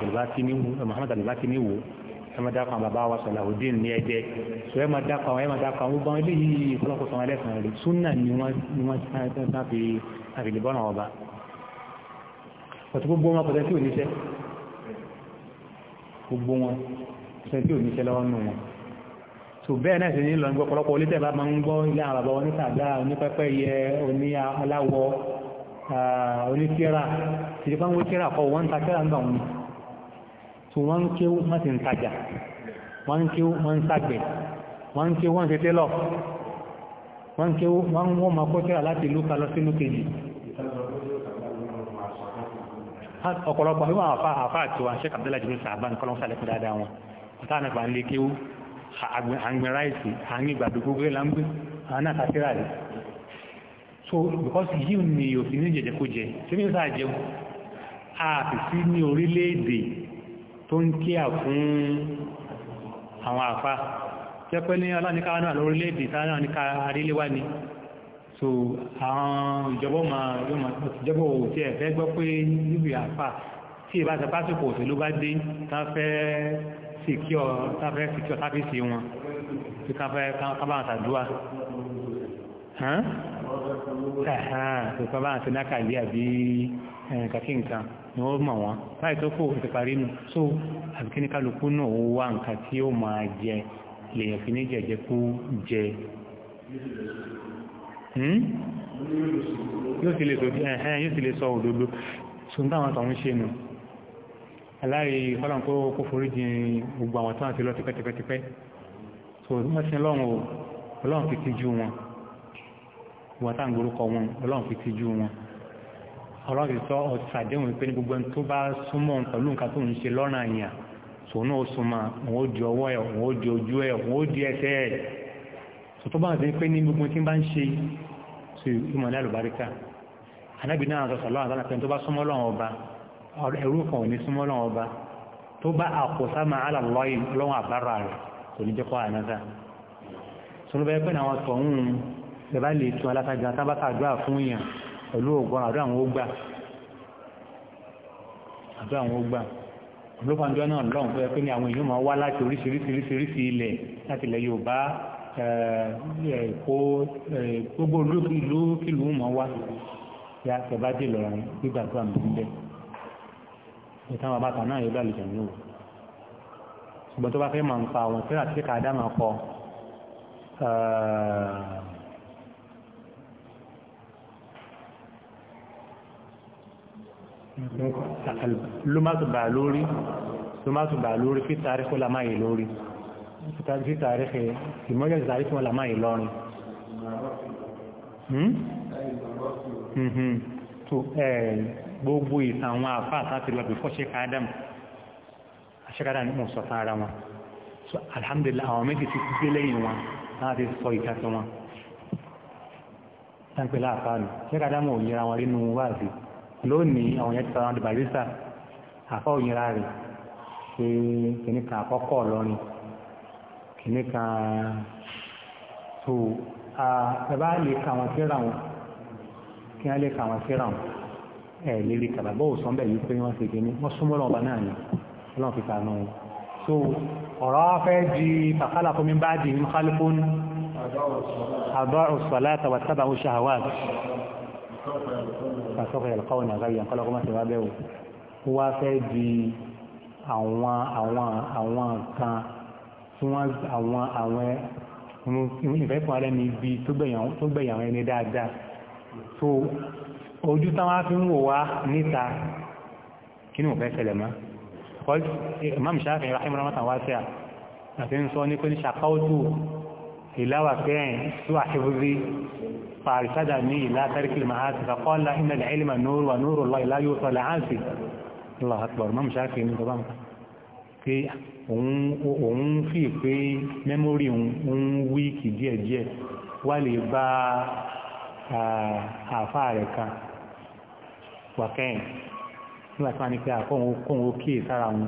Muhammad alibaki ní ìwò ẹ mọ̀ dápọ̀ àwọn bàbá wa Salahudeen ní ẹ̀jẹ̀ so ẹ mọ̀ dápọ̀ àwọn ẹ mọ̀ dápọ̀ àwọn gbọ́n eléyìí kọ́lọ́n kó wọn lẹ́sàn-án rẹ̀ súnà ni wọ́n ọ̀tí gbogbo wọn kọ̀tẹ́ tí ò níṣẹ́ gbogbo wọn kọ̀tẹ́ tí ò níṣẹ́ lọ́wọ́ nù wọn tó bẹ́ẹ̀ náà sí ní lọ́nà ọ̀pọ̀lọpọ̀ olítẹ̀ bá máa ń gbọ́ ilé àwọn bàbá onítàgbà onípẹ́pẹ́ yẹ oní aláwọ̀ onítíra tìrí fún wọn tíra kọ wọn ń ta tíra ń bà wọn tó wọn ń ké wọn sì ń tajà wọn ń ké wọn ń ṣàgbẹ̀ wọ́n máa kó tíra láti ìlú lọ sínú kejì ọ̀pọ̀lọpọ̀ wíwọ́n àfá àfá àti wọn ṣẹ́kà abdullahi jùlọ sàbán kọ́lọ́n sàlẹ̀kùn dáadáa wọn ọ̀tá àná pa ń lé kéwú àgbẹ̀ ráìsì àárín ìgbàdo gbogbo ẹ̀ láńgbé àwọn náà rẹ̀ so because yìí ni òfin ní jẹjẹkújẹ tí ní sáà jẹun ààfì sí ní orílẹ̀-èdè tó ń kíà fún àwọn àfá jẹ́ pẹ́ ní ọlọ́nikáwá náà lórílẹ̀-èdè táwọn ní ká ni so àwọn ìjọba máa yọ máa ìjọba ò tí ẹ̀ fẹ́ gbọ́ pé níbi àfà tí ìbá ṣe pásìkò òsè ló bá dé táfẹ́ síkíọ̀ táfẹ́ síkíọ̀ sáfíìsì wọn tí káfẹ́ kábàá àtàdúrà tó kábàá àti nákàlí àbí kàkí nǹkan ni wọ́n mọ̀ wọ́n láì tó kò ti parí nù so àbíkí ní kálukú náà ó wá nǹkan tí ó máa jẹ lèèyàn fi ní jẹjẹ kú jẹ Hmm? yóò sì lè sọ òdodo so ní àwọn àtàwọn ṣe nù aláàrí fọ́lọ̀n kó forí jìn gbogbo àwọn tó wà sí lọ tipẹ́tipẹ́tipẹ́ so wọ́n sí lọ́run o ọlọ́run fi tijú wọn wọ́n tá ń gborúkọ wọn ọlọ́run fi tijú wọn ọlọ́run fi sọ ọ̀sàdéhùn pé ní gbogbo ẹni tó bá súnmọ́ pẹ̀lú nǹkan tó ń ṣe lọ́rùn àyàn tòun náà súnmọ́ òun ó di ọwọ́ ẹ̀ òun ó di ojú ẹ̀ òun ó di ẹsẹ̀ ẹ̀ tó bá ń pé ní gbogbo tí ń bá ń ṣe sí ìmọ̀lẹ́ àlùbáríkà anábì náà sọ sọ̀lọ́ àtàlà pé tó bá súnmọ́ lọ́wọ́ ọba ẹrú kan ò ní súnmọ́ lọ́wọ́ ọba tó bá àkóso máa àlàlọ́ ọlọ́wọ́ àbára rẹ̀ kò ní jẹ́kọ́ ànáta sọ́nù bẹ́ẹ̀ pé àwọn tọ̀hún bẹ́ẹ̀ bá lè tún alátajà tábàtà àdúrà fún yàn pẹ̀lú ògbọ́n àdúrà àwọn èkó gbogbo olókìlú kìlú mọ̀ wá ya tẹ̀bájì lọ́ra gbígbà tó àmì ń bẹ́ ìtàn bàbá kan náà yóò bá lùjọ ní òwò ṣùgbọ́n tó bá fẹ́ máa ń pa àwọn tíra tí kàdá máa kọ ló má tó bà lórí ló má tó bà lórí fi tarí kó la má yè lórí kitabu fi tarikhi fi moja ya taarifu ulama Ìlọrin hmm? hmm, hmm. tó eh, gbogbo ìtàn àwọn àfá àtàtì lọ bífọ́ ṣe káádàm àṣẹ́kádà ní mọ̀sọ̀ tán ara wọn so alhamdulillah àwọn méjì ti gbé lẹ́yìn wọn láti sọ ìtàtì wọn tánpẹ̀lá àfá nù ṣẹ́kádà mọ̀ òyìnra wọn nínú wáàzì lónìí àwọn yẹn ti sọ àwọn dìbàrísà àfá òyìnra rẹ̀ ṣe kìnnìkan àkọ́kọ́ lọ́rin kìíní kan tó ẹ bá lè ka àwọn síra wọn kí wọ́n lè ka àwọn síra wọn ẹ lè rí kàbà bọ́ọ̀ sọ bẹ́ẹ̀ yìí pé wọ́n ṣe kìíní wọ́n súnmọ́ lọ́wọ́ bá náà ni ọlọ́run fi kàánú wọn so ọ̀rọ̀ afẹ́ di kàkálà fún mi bá di ní kálífún àbọ̀ ọ̀sọ̀lá àtàwà sábà ń ṣàwà fàṣọ́kọ̀ ẹ̀lọ́kọ́ ní àgáyà kọ́lọ́kọ́ wọ́n fẹ́ di àwọn àwọn àwọn kan tí wọ́n àwọn àwọn ìfẹ́ fún ara ẹni ibi tó gbẹ̀yàn àwọn ẹni dáadáa so ojú táwọn fi ń wò wá níta kí ni mo fẹ́ ṣẹlẹ̀ mọ́ imam shafi rahim ramata wasiya àti ń sọ ní pé ní ṣàkáwótù ìláwà kẹrin tó àṣíbúrí fàrísádà ní ìlà tàríkìlì máa ti fàkọ́lá pé òun fi pé mẹ́mórì òun wíìkì díẹ̀díẹ̀ wà lè bá àfá rẹ̀ kan wàkẹ́yìn nígbà tí wọ́n ní pé àkóhun ó kíyè sára wọn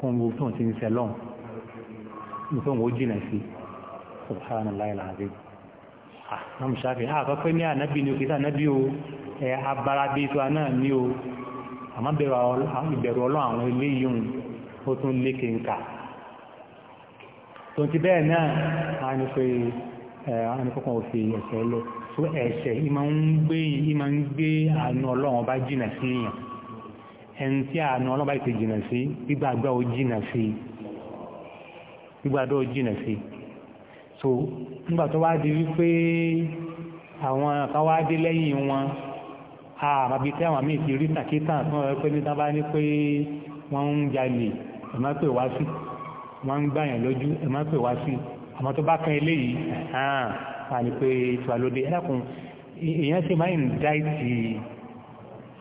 kóhun ó tóun ti ń sẹlọ́n nítorí ó jìnà sí subhanallah alazim àmì ṣáfẹ́ àkọ́ pé ní ànábì ní òkè sánábì o abarabe tó náà ní o àmọ́ ìbẹ̀rù ọlọ́run àwọn eléyìí ó tún lé kínkà tó ti bẹ́ẹ̀ náà a ní pé àníkọ́kọ́ òfin ẹ̀ṣẹ̀ lọ tó ẹ̀ṣẹ̀ ìmọ̀ ń gbé àánú ọlọ́run bá jìnà sí èèyàn ẹni tí àánú ọlọ́run bá ti jìnà sí gbígbàgbọ́ ó jìnà sí so nígbà tó wá di wípé àwọn kan wá dé lẹ́yìn wọn àmàbí tí àwọn míì ti rí tàkítà tó wọ́n pẹ́ ní tábá ní pé wọ́n ń jalè ẹ má pè wá sí wọ́n ń gbàyàn lójú ẹ má pè wá sí àmọ́ tó bá kan eléyìí hàn á ní pé tiwa lóde ẹlẹ́kùn èèyàn ṣe máa ń dá ìtì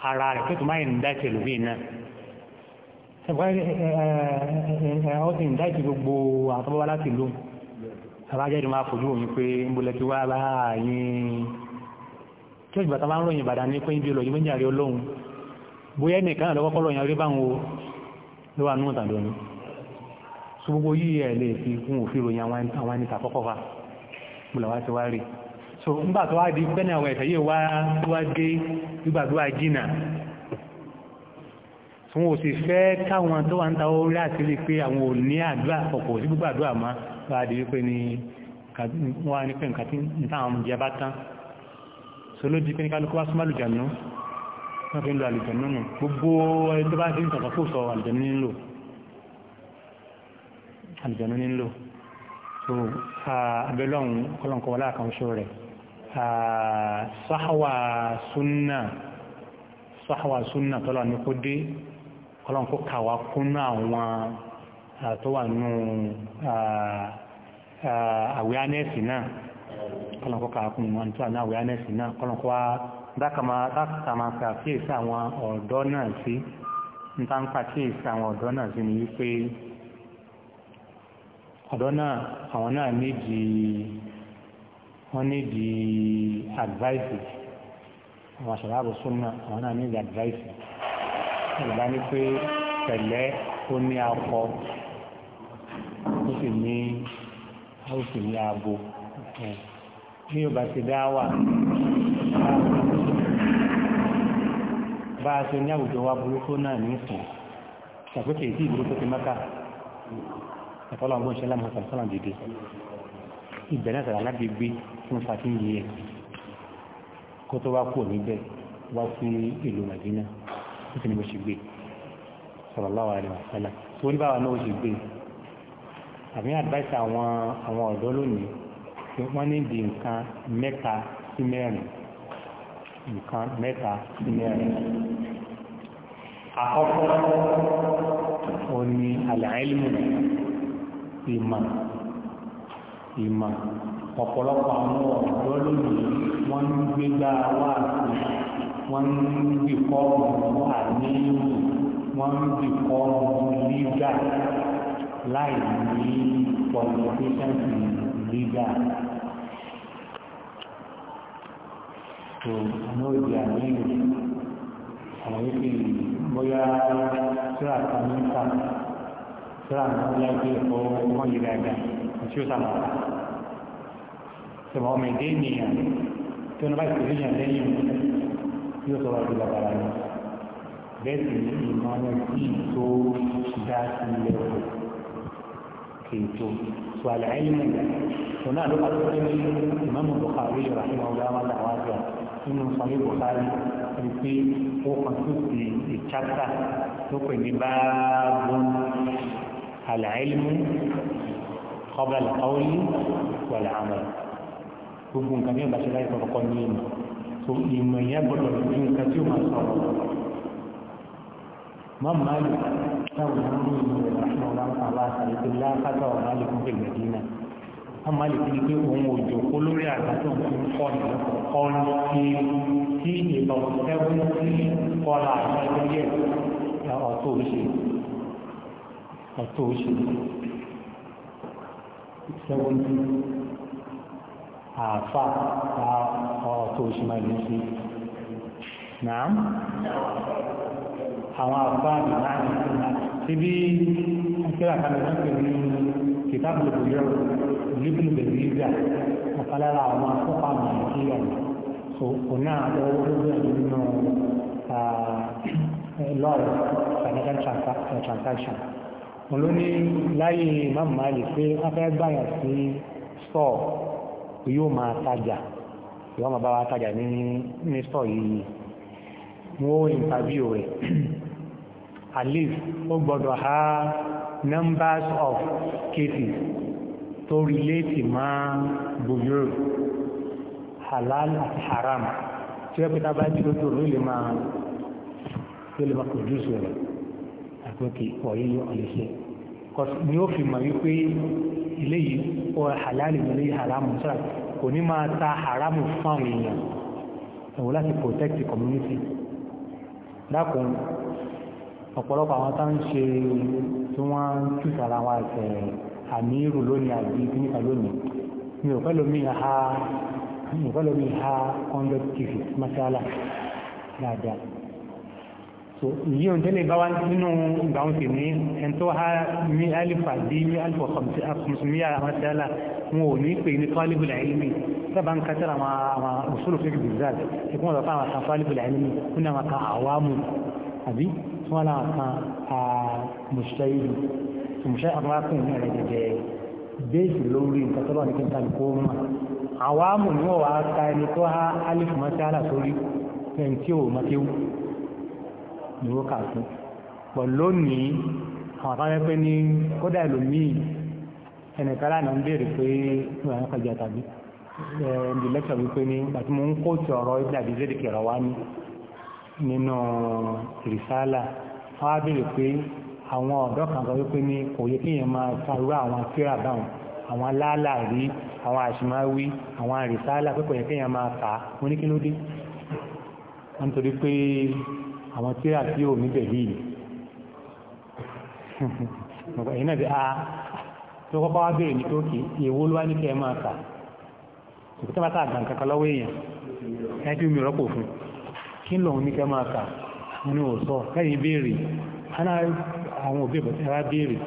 ara rẹ̀ pé tó máa ń dá ìtì ẹlòmíì náà ó sì ń dá ìtì gbogbo àwọn tó bá wá láti lò àbájáde máa fojú òun pé ń bolẹ̀ tí wá bá yín tí ó jùlọ tó bá ń ròyìn Ìbàdàn ní pé ń bí olóyún méjì àrí olóhùn bóyá ẹnìkan àlọ́kọ́kọ́ ròyìn àrí báwọn ló wà núwọ̀n tàbí omi so gbogbo yìí ẹ̀ lè fi fún òfin ròyìn àwọn ẹni tàkọ́kọ́ wa gbọ́dọ̀ ti wá rí so nígbà tó wá di bẹ́ẹ̀ àwọn ẹ̀tẹ̀ yìí wá dé gbígbàdúrà jìnà fún òsì fẹ́ káwọn tó wà ń ta orí àti rí pé àwọn ò ní àdúrà ọ̀pọ̀ sí gbígbàdúrà máa di wípé ni wọ́n á ní pé nǹkan tí ń di pé ní kálukú wá súnmọ́lù jànú wọ́n fi ń lo àlùjẹ̀nú nù gbogbo ẹni tó bá ti ń sọ̀tọ̀ kó sọ àlùjẹ̀nú nílò àlùjẹ̀nú nílò so abẹ́lọ́hún kọ́lọ́nkọ́ wọlé àkànṣe rẹ̀ sáháwà súnà sáháwà súnà tọ́lọ̀ ní kó dé kọ́lọ́nkọ́ kàwá kúnná àwọn tó wà nù awareness náà kọ́lọ́nkọ́ kàwá kúnná àwọn tó wà nù awareness náà kọ́lọ́nkọ́ wá dákàmà ṣàkíyèsí àwọn ọ̀dọ́ náà sí ń tá ń pàkíyèsí àwọn ọ̀dọ́ náà sí ni wípé ọ̀dọ́ náà àwọn náà nídi wọ́n nídi advice àwọn aṣàlábò súnmọ́ àwọn náà nídi advice ìgbà ní pé pẹ̀lẹ́ ó ní akọ ó sì ní ó sì ní ní ọba ti dá wà bá a ṣe ní àwùjọ wa burúkú náà ní ìsìn ṣàkókè ìdí ìburúkú ti mẹ́ka ẹ̀fọ́lọ́gbọ́n ṣẹlá àmì àdáìsà àwọn ọ̀dọ́ lónìí wọ́n ní di nǹkan mẹ́ta sí mẹ́rin nǹkan mẹ́ta sí mẹ́rin àkọ́kọ́ òní àlàílmù ìmọ̀ ìmọ̀ ọ̀pọ̀lọpọ̀ àwọn ọ̀dọ́ lónìí wọ́n ń gbégbá wá sí wọ́n ń dìkọ́ ọ̀hún àníyàn wọ́n ń dìkọ́ ọ̀hún lígà láì ní qualification legal tó àwọn òdì àmìlò àwọn ìpè bóyá síra kan ní ìta síra náà bóyá gbé ẹ̀kọ́ wọ́n yìí dáadáa tí ó sàmà sọmọ ọmọ èdè ènìyàn tí wọn bá ti fi yàn lẹ́yìn yóò sọ̀rọ̀ àti bàbá rẹ̀ bẹ́ẹ̀ sì ni ìmọ̀ wọn sì tó dá sí ilé ọ̀rọ̀ kìtò tó àlẹ́ ayé mọ̀ náà ló bá tó tẹ́lẹ̀ ìmọ̀ mọ̀ bọ̀kàrí ìrànlọ́wọ́ nínú sọ̀rọ̀ ìbùkárí wípé ó kàn tó ti ìcháta tó pè ní báàbù àlàílmù qabla al-qawli wal-amal gbogbo nǹkan ní ìbáṣẹ́ láì kọ̀ọ̀kọ́ ní ìmọ̀ tó ìmọ̀ ìyẹn gbọ́dọ̀ ní nǹkan tí ó máa sọ̀rọ̀ ما مالك كان يقول رحمه الله تعالى قال لا فتوى مالك في المدينه wọ́n máa lè fi pé òun ò jòkó lórí àgbà tó ń fi kọ́ ní kọ́ ní kí tí ìbọn sẹ́gun sí kọ́lá àgbàdo yẹ ọ̀tọ̀ òṣè ọ̀tọ̀ òṣè sẹ́gun sí àáfà ọ̀tọ̀ òṣè máa lè ṣe náà àwọn àáfà nìyá nìyá síbi kíláàkà nìyá pẹ̀lú kìtàbù ìbòyọ̀ nípìn bẹ̀rẹ̀ ọ̀kan lára àwọn akọ́pà nàìjíríà so kò náà lọ́wọ́ lórí nínú lọ́ọ̀rọ̀ financial transaction wọn ló ní láyé ìmáàmù Málíkì pé afẹ́ gbàyàn sí stọọ yóò máa tajà yóò máa bá wa tajà ní ní stọọ yìí wọn ó ìntàbíò rẹ̀ at least ó gbọ́dọ̀ ha numbers of cases tó relate mọ́ buyo halal àti haram tí wọ́n pẹ̀lú abájú lójú ló lè máa tó lè máa produce rẹ̀ àpòkè ọ̀yẹ́ yọ ọ̀lẹ́sẹ̀ ni ó fi mọ̀ wípé ilé yìí ó halal ìmọ̀lẹ́ yìí haram sọ́ra kò ní máa ta haram fún àwọn èèyàn ẹ̀wọ̀n láti protect the community dákun ọ̀pọ̀lọpọ̀ àwọn tá ń ṣe tí wọ́n ń túṣà ara wa ẹ̀sẹ̀ àmì ìrù lónìí àbí kíníkà lónìí mi ò fẹ́ lómi ha mi ò fẹ́ lómi ha hundred masala dáadáa so yìí ò ń tẹ́lẹ̀ bá wá nínú ìgbà wọn sì ní ẹni tó ha mi alifa bí mi alifa kọmíyà masala wọn ò ní pè ní tọ́líbùlà ilmi sábà ń kátàrà àwọn òṣèlú fẹ́kì bìzáàdì ẹ̀kọ́ wọn lọ àwọn kan tọ́líbùlà ilmi wọn náà wọn kan àwámù àbí tí wọ́n láwọn kan àmùṣẹ́ ìlú ìmùṣẹ́ àwọn akùnrin rẹ̀ jẹjẹ bẹ́ẹ̀sì lórí nǹkan tó bá ní kí n tàbí kó mọ̀ àwọn amù ni wọ́n wá ka ẹni tó há alif mọ́tálà sórí ẹni tí ò mọ́kéwú ni ó kà fún pọ̀ lónìí àwọn afárẹ́ pé ní kódà ẹlòmíì ẹnìkan lánàá ń béèrè pé wọ́n á kọjá tàbí ẹ̀ẹ́dì lẹ́kṣọ̀ wípé ní gbàtí mo ń kóòtù nínú rìsálà wọ́n á bèèrè pé àwọn ọ̀dọ́ kan sọ wípé ní kò yẹ kéèyàn máa sarú àwọn tíra báwọn àwọn aláàlárí àwọn àṣìmáwí àwọn àrìsálà pé kò yẹ kéèyàn máa kà á mo ní kí ló dé wọ́n torí pé àwọn tíra tí ò níbẹ̀ yìí [laughs] ẹ̀yìn náà ti a ah, tó kọ́kọ́ wá bèèrè ní tókì èwo ló wá ní kí ẹ máa kà òkúta bá a àgbà nǹkan kan lọ́wọ́ èèyàn ẹ ti mi rọ́pò fún un kí lọ ní kẹ máa kà ní òsọ kẹ́yìn béèrè àwọn òbí ìbọ̀tí ara béèrè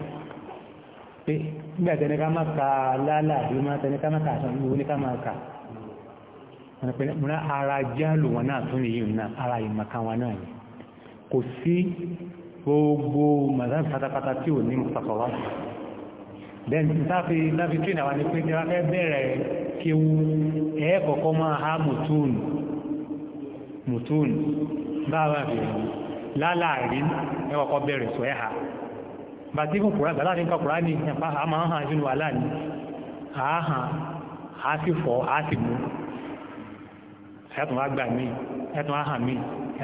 pé nígbà tẹni ká máa ka lálà àbí máa tẹni ká máa kà àtàwọn ìwé ní ká máa kà wọn ni ara jálù wọn náà tún nìyí náà ara ìmọ̀kan wọn náà ni kò sí gbogbo màdáàbí pátápátá tí ò ní pàpọ̀ wá then láfi láfi tí ìnáwà ní pé tí wọ́n fẹ́ bẹ̀rẹ̀ kéwú ẹ̀ẹ́kọ̀ọ́kọ́ máa há mùtúùnù mùtún báwa rẹ̀ lálàárí ẹwọ́kọ́ bẹ̀rẹ̀ sọ ẹ̀hà bàtí fún kùrá bàtà nípa kùrá ní ẹ̀pá àmà ń hàn sínú wàhálà ní àáhàn á sì fọ́ á sì mú ẹ̀tùn wá gbà mí ẹ̀tùn áhàn mí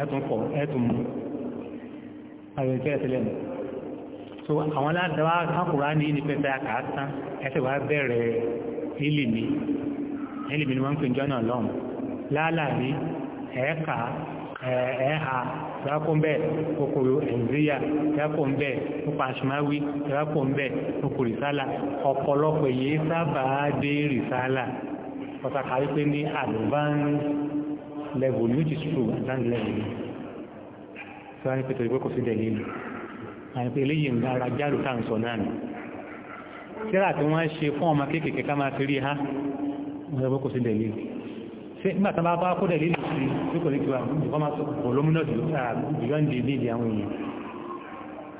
ẹ̀tùn fọ́ ẹ̀tùn mú àwọn ìfẹ́ ẹ̀tẹ́lẹ̀ mú so àwọn aládàwà kùrá ní ní pẹ́pẹ́ àkàtà ẹ̀tẹ̀ wá bẹ̀rẹ̀ ìlìmí ìlìmí ni ẹ̀ẹ́ka ẹ̀ẹ́ha ìrákùnbẹ̀ okòrò ẹ̀ǹdíyà ìrákùnbẹ̀ nípa àṣìmáwí ìrákùnbẹ̀ okò rìsálà ọ̀pọ̀lọpọ̀ èyí sábà dé rìsálà ọ̀tàkà wípé ní advanced level which is true advanced level tí wọ́n ní pẹ̀tọ̀ ìpé kò sí dẹ̀ nílò àti eléyìí ń dára járù tá à ń sọ náà nù tíra tí wọ́n ṣe fún ọmọ kéékèèké ká máa fi rí ha wọ́n ní pé kò sí dẹ̀ nígbà tó bá bá kó dẹ̀lé lò sí tí kò ní kí wá kò máa sọ kò lómúnà tó sáà ìjọ ń dèlé ìdí àwọn èèyàn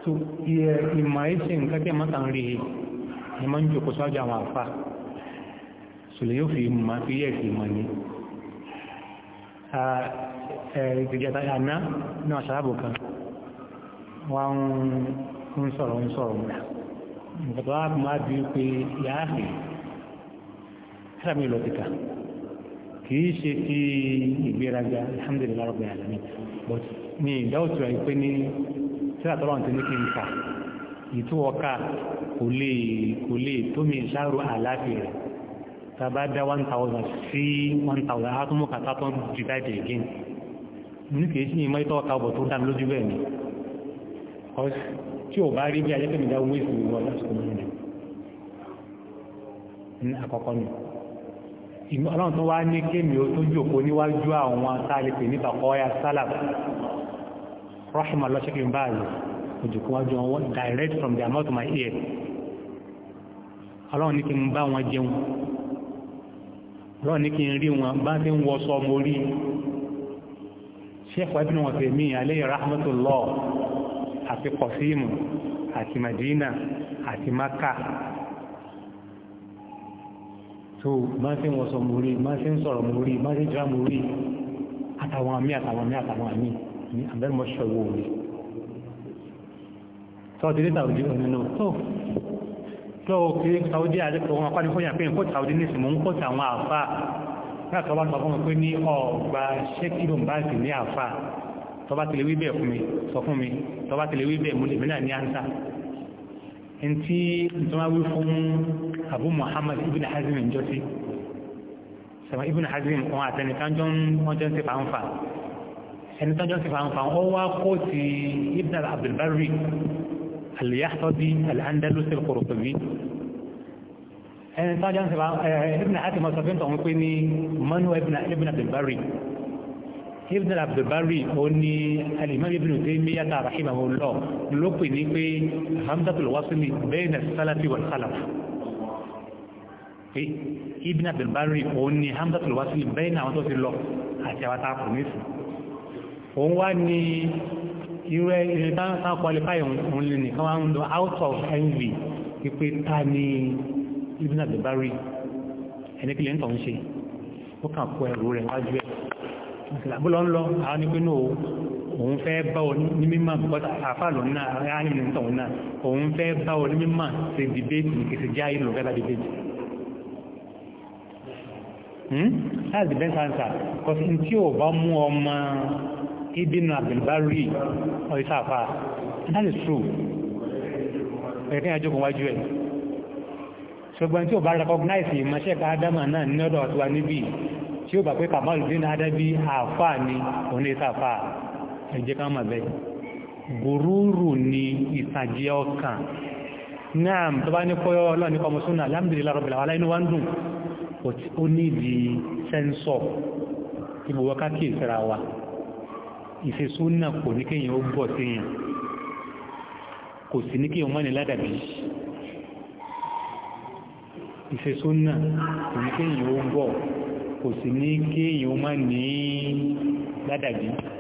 so iye ìmọ̀ ẹ̀sìn nǹkan tẹ́ mọ́ta ń rí ni ń jòkó sọ́jọ àwọn àfà sùlẹ̀ yóò fi mọ̀ fi yẹ̀ fi mọ̀ ní ìgbìjàta àná kìí ṣe ti ìgbéraga alhamdulilayi rabbi alamin but ní ìdáwòtú ẹ̀ pé ní sílá tọ́lọ́run ti ní kí n kà ìtú ọkà kò lè kò lè tó mi ṣáàrù àláfíà rẹ̀ tàbá dá 1000 sí 1000 átúmù kàtà tó ń divide again ní kìí ṣe ìmọ̀ ìtọ́ ọkà ọ̀bọ̀ tó dá lójú bẹ́ẹ̀ ni tí ò bá rí bí ajẹ́kẹ̀mí dá wíṣì gbogbo ọ̀dá ṣùgbọ́n ní àkọ́kọ́ nù ọlọ́run tó wá ní kémi ó tó jòkó níwájú àwọn tálẹ́pẹ̀ ní bàkọ́yà sálàf rahma lọ́ṣẹ́kì báyìí òjòkó wájú wọn direct from their mouth to my ear ọlọ́run ní kí n bá wọn jẹun ọlọ́run ní kí n rí wọn bá ti ń wọṣọ mo rí sheikh wa ibn wa fèmí alayhi rahmatullah àti kọ̀síìmù àti madina àti maka so máa fi wọ́n sọ mú rí máa fi ń sọ̀rọ̀ mú rí máa fi jẹ́ mú rí àtàwọn àmì àtàwọn àmì àtàwọn àmì ní àbẹ́mọ̀ṣọ́ ìwò rí sọ́ọ̀tì dé Saudi ọ̀nà náà tó tó kí Saudi àdékọ̀ wọn apá ní fún yàpé nǹkó Saudi ní ìsìnkú nǹkó tàwọn àfà náà tọ́wọ́ tọ́ fún mi pé ní ọgbà ṣẹ́kìlò báńkì ní àfà tọ́ba ti lè wí bẹ́ẹ̀ fún mi sọ fún mi tọ́ba ti lè wí bẹ́ẹ̀ mú lè mí náà ní áńsà ntí ntọ́wá wí fún abu muhammad ibn hazim ń jọ sí sọmọ ibn hazim wọn àtẹnitánjọ́ wọn jọ sí fàǹfà ẹni tánjọ́ sí fàǹfà ó wá kó ti ibn abdulbari al-yahtabi al-andalusi al-qurtubi ẹni tánjọ́ sí fàǹfà ibn hazim ọ̀sọ̀fẹ́ tó ń pè ní manuel ibn abdulbari ibn abdulbari ó ní alimami ibn taymiyyata rahimahullah ló pè ní pé hamzatul wasili bayna salafi wal khalaf pé Ibn Abdul Barri òun ni hamdatul Wasili bẹ́ẹ̀ náà tó ti lọ àti àwọn tààkù nísì òun wá ní irú ẹni tán qualify òun lè ń lọ out of envy pípé ta ni Ibn Abdul Barri ẹni kí lè ń tọ̀ ń ṣe ó kàn kó ẹrù rẹ̀ wájú ẹ̀ ìsìlàbúlọ́ ń lọ àwọn ní pé náà òun fẹ́ bá ọ ní mímọ̀ bọ́ta àfàlọ́ náà àárín ìtọ̀ Hmm? that's the best answer because n tí ò bá mú ọmọ ibinu abdulbari ọ̀yíṣà àfà and that is true ẹ̀kẹ́ ẹjọ́ kan wájú ẹ̀ ṣùgbọ́n tí ò bá recognize ìmọ̀ṣẹ́ka adama náà ní ọ̀dọ̀ ọ̀tọ́wà níbi tí ó bà pé kàmálùdín adábí àfà ni òun ní sàfà ẹ̀jẹ̀ ká mà bẹ́ẹ̀ gùrúrù ni ìtàjẹ́ ọkàn náà tó bá ní kọ́yọ́ ọlọ́ọ̀ni kọmọsúnà alhamdulillah rabbil alamin inú wa ń dùn but ó nídi sẹ́ńsọ̀ tí gbogbo káàkiri ìsẹ́ra wa ìfẹ́só náà kò ní kéèyàn ó bọ̀ síyàn kò sí ní kéèyàn mọ́ ní ládàbí ìfẹ́só náà kò ní kéèyàn ó bọ̀ kò sí ní kéèyàn ó ládàbí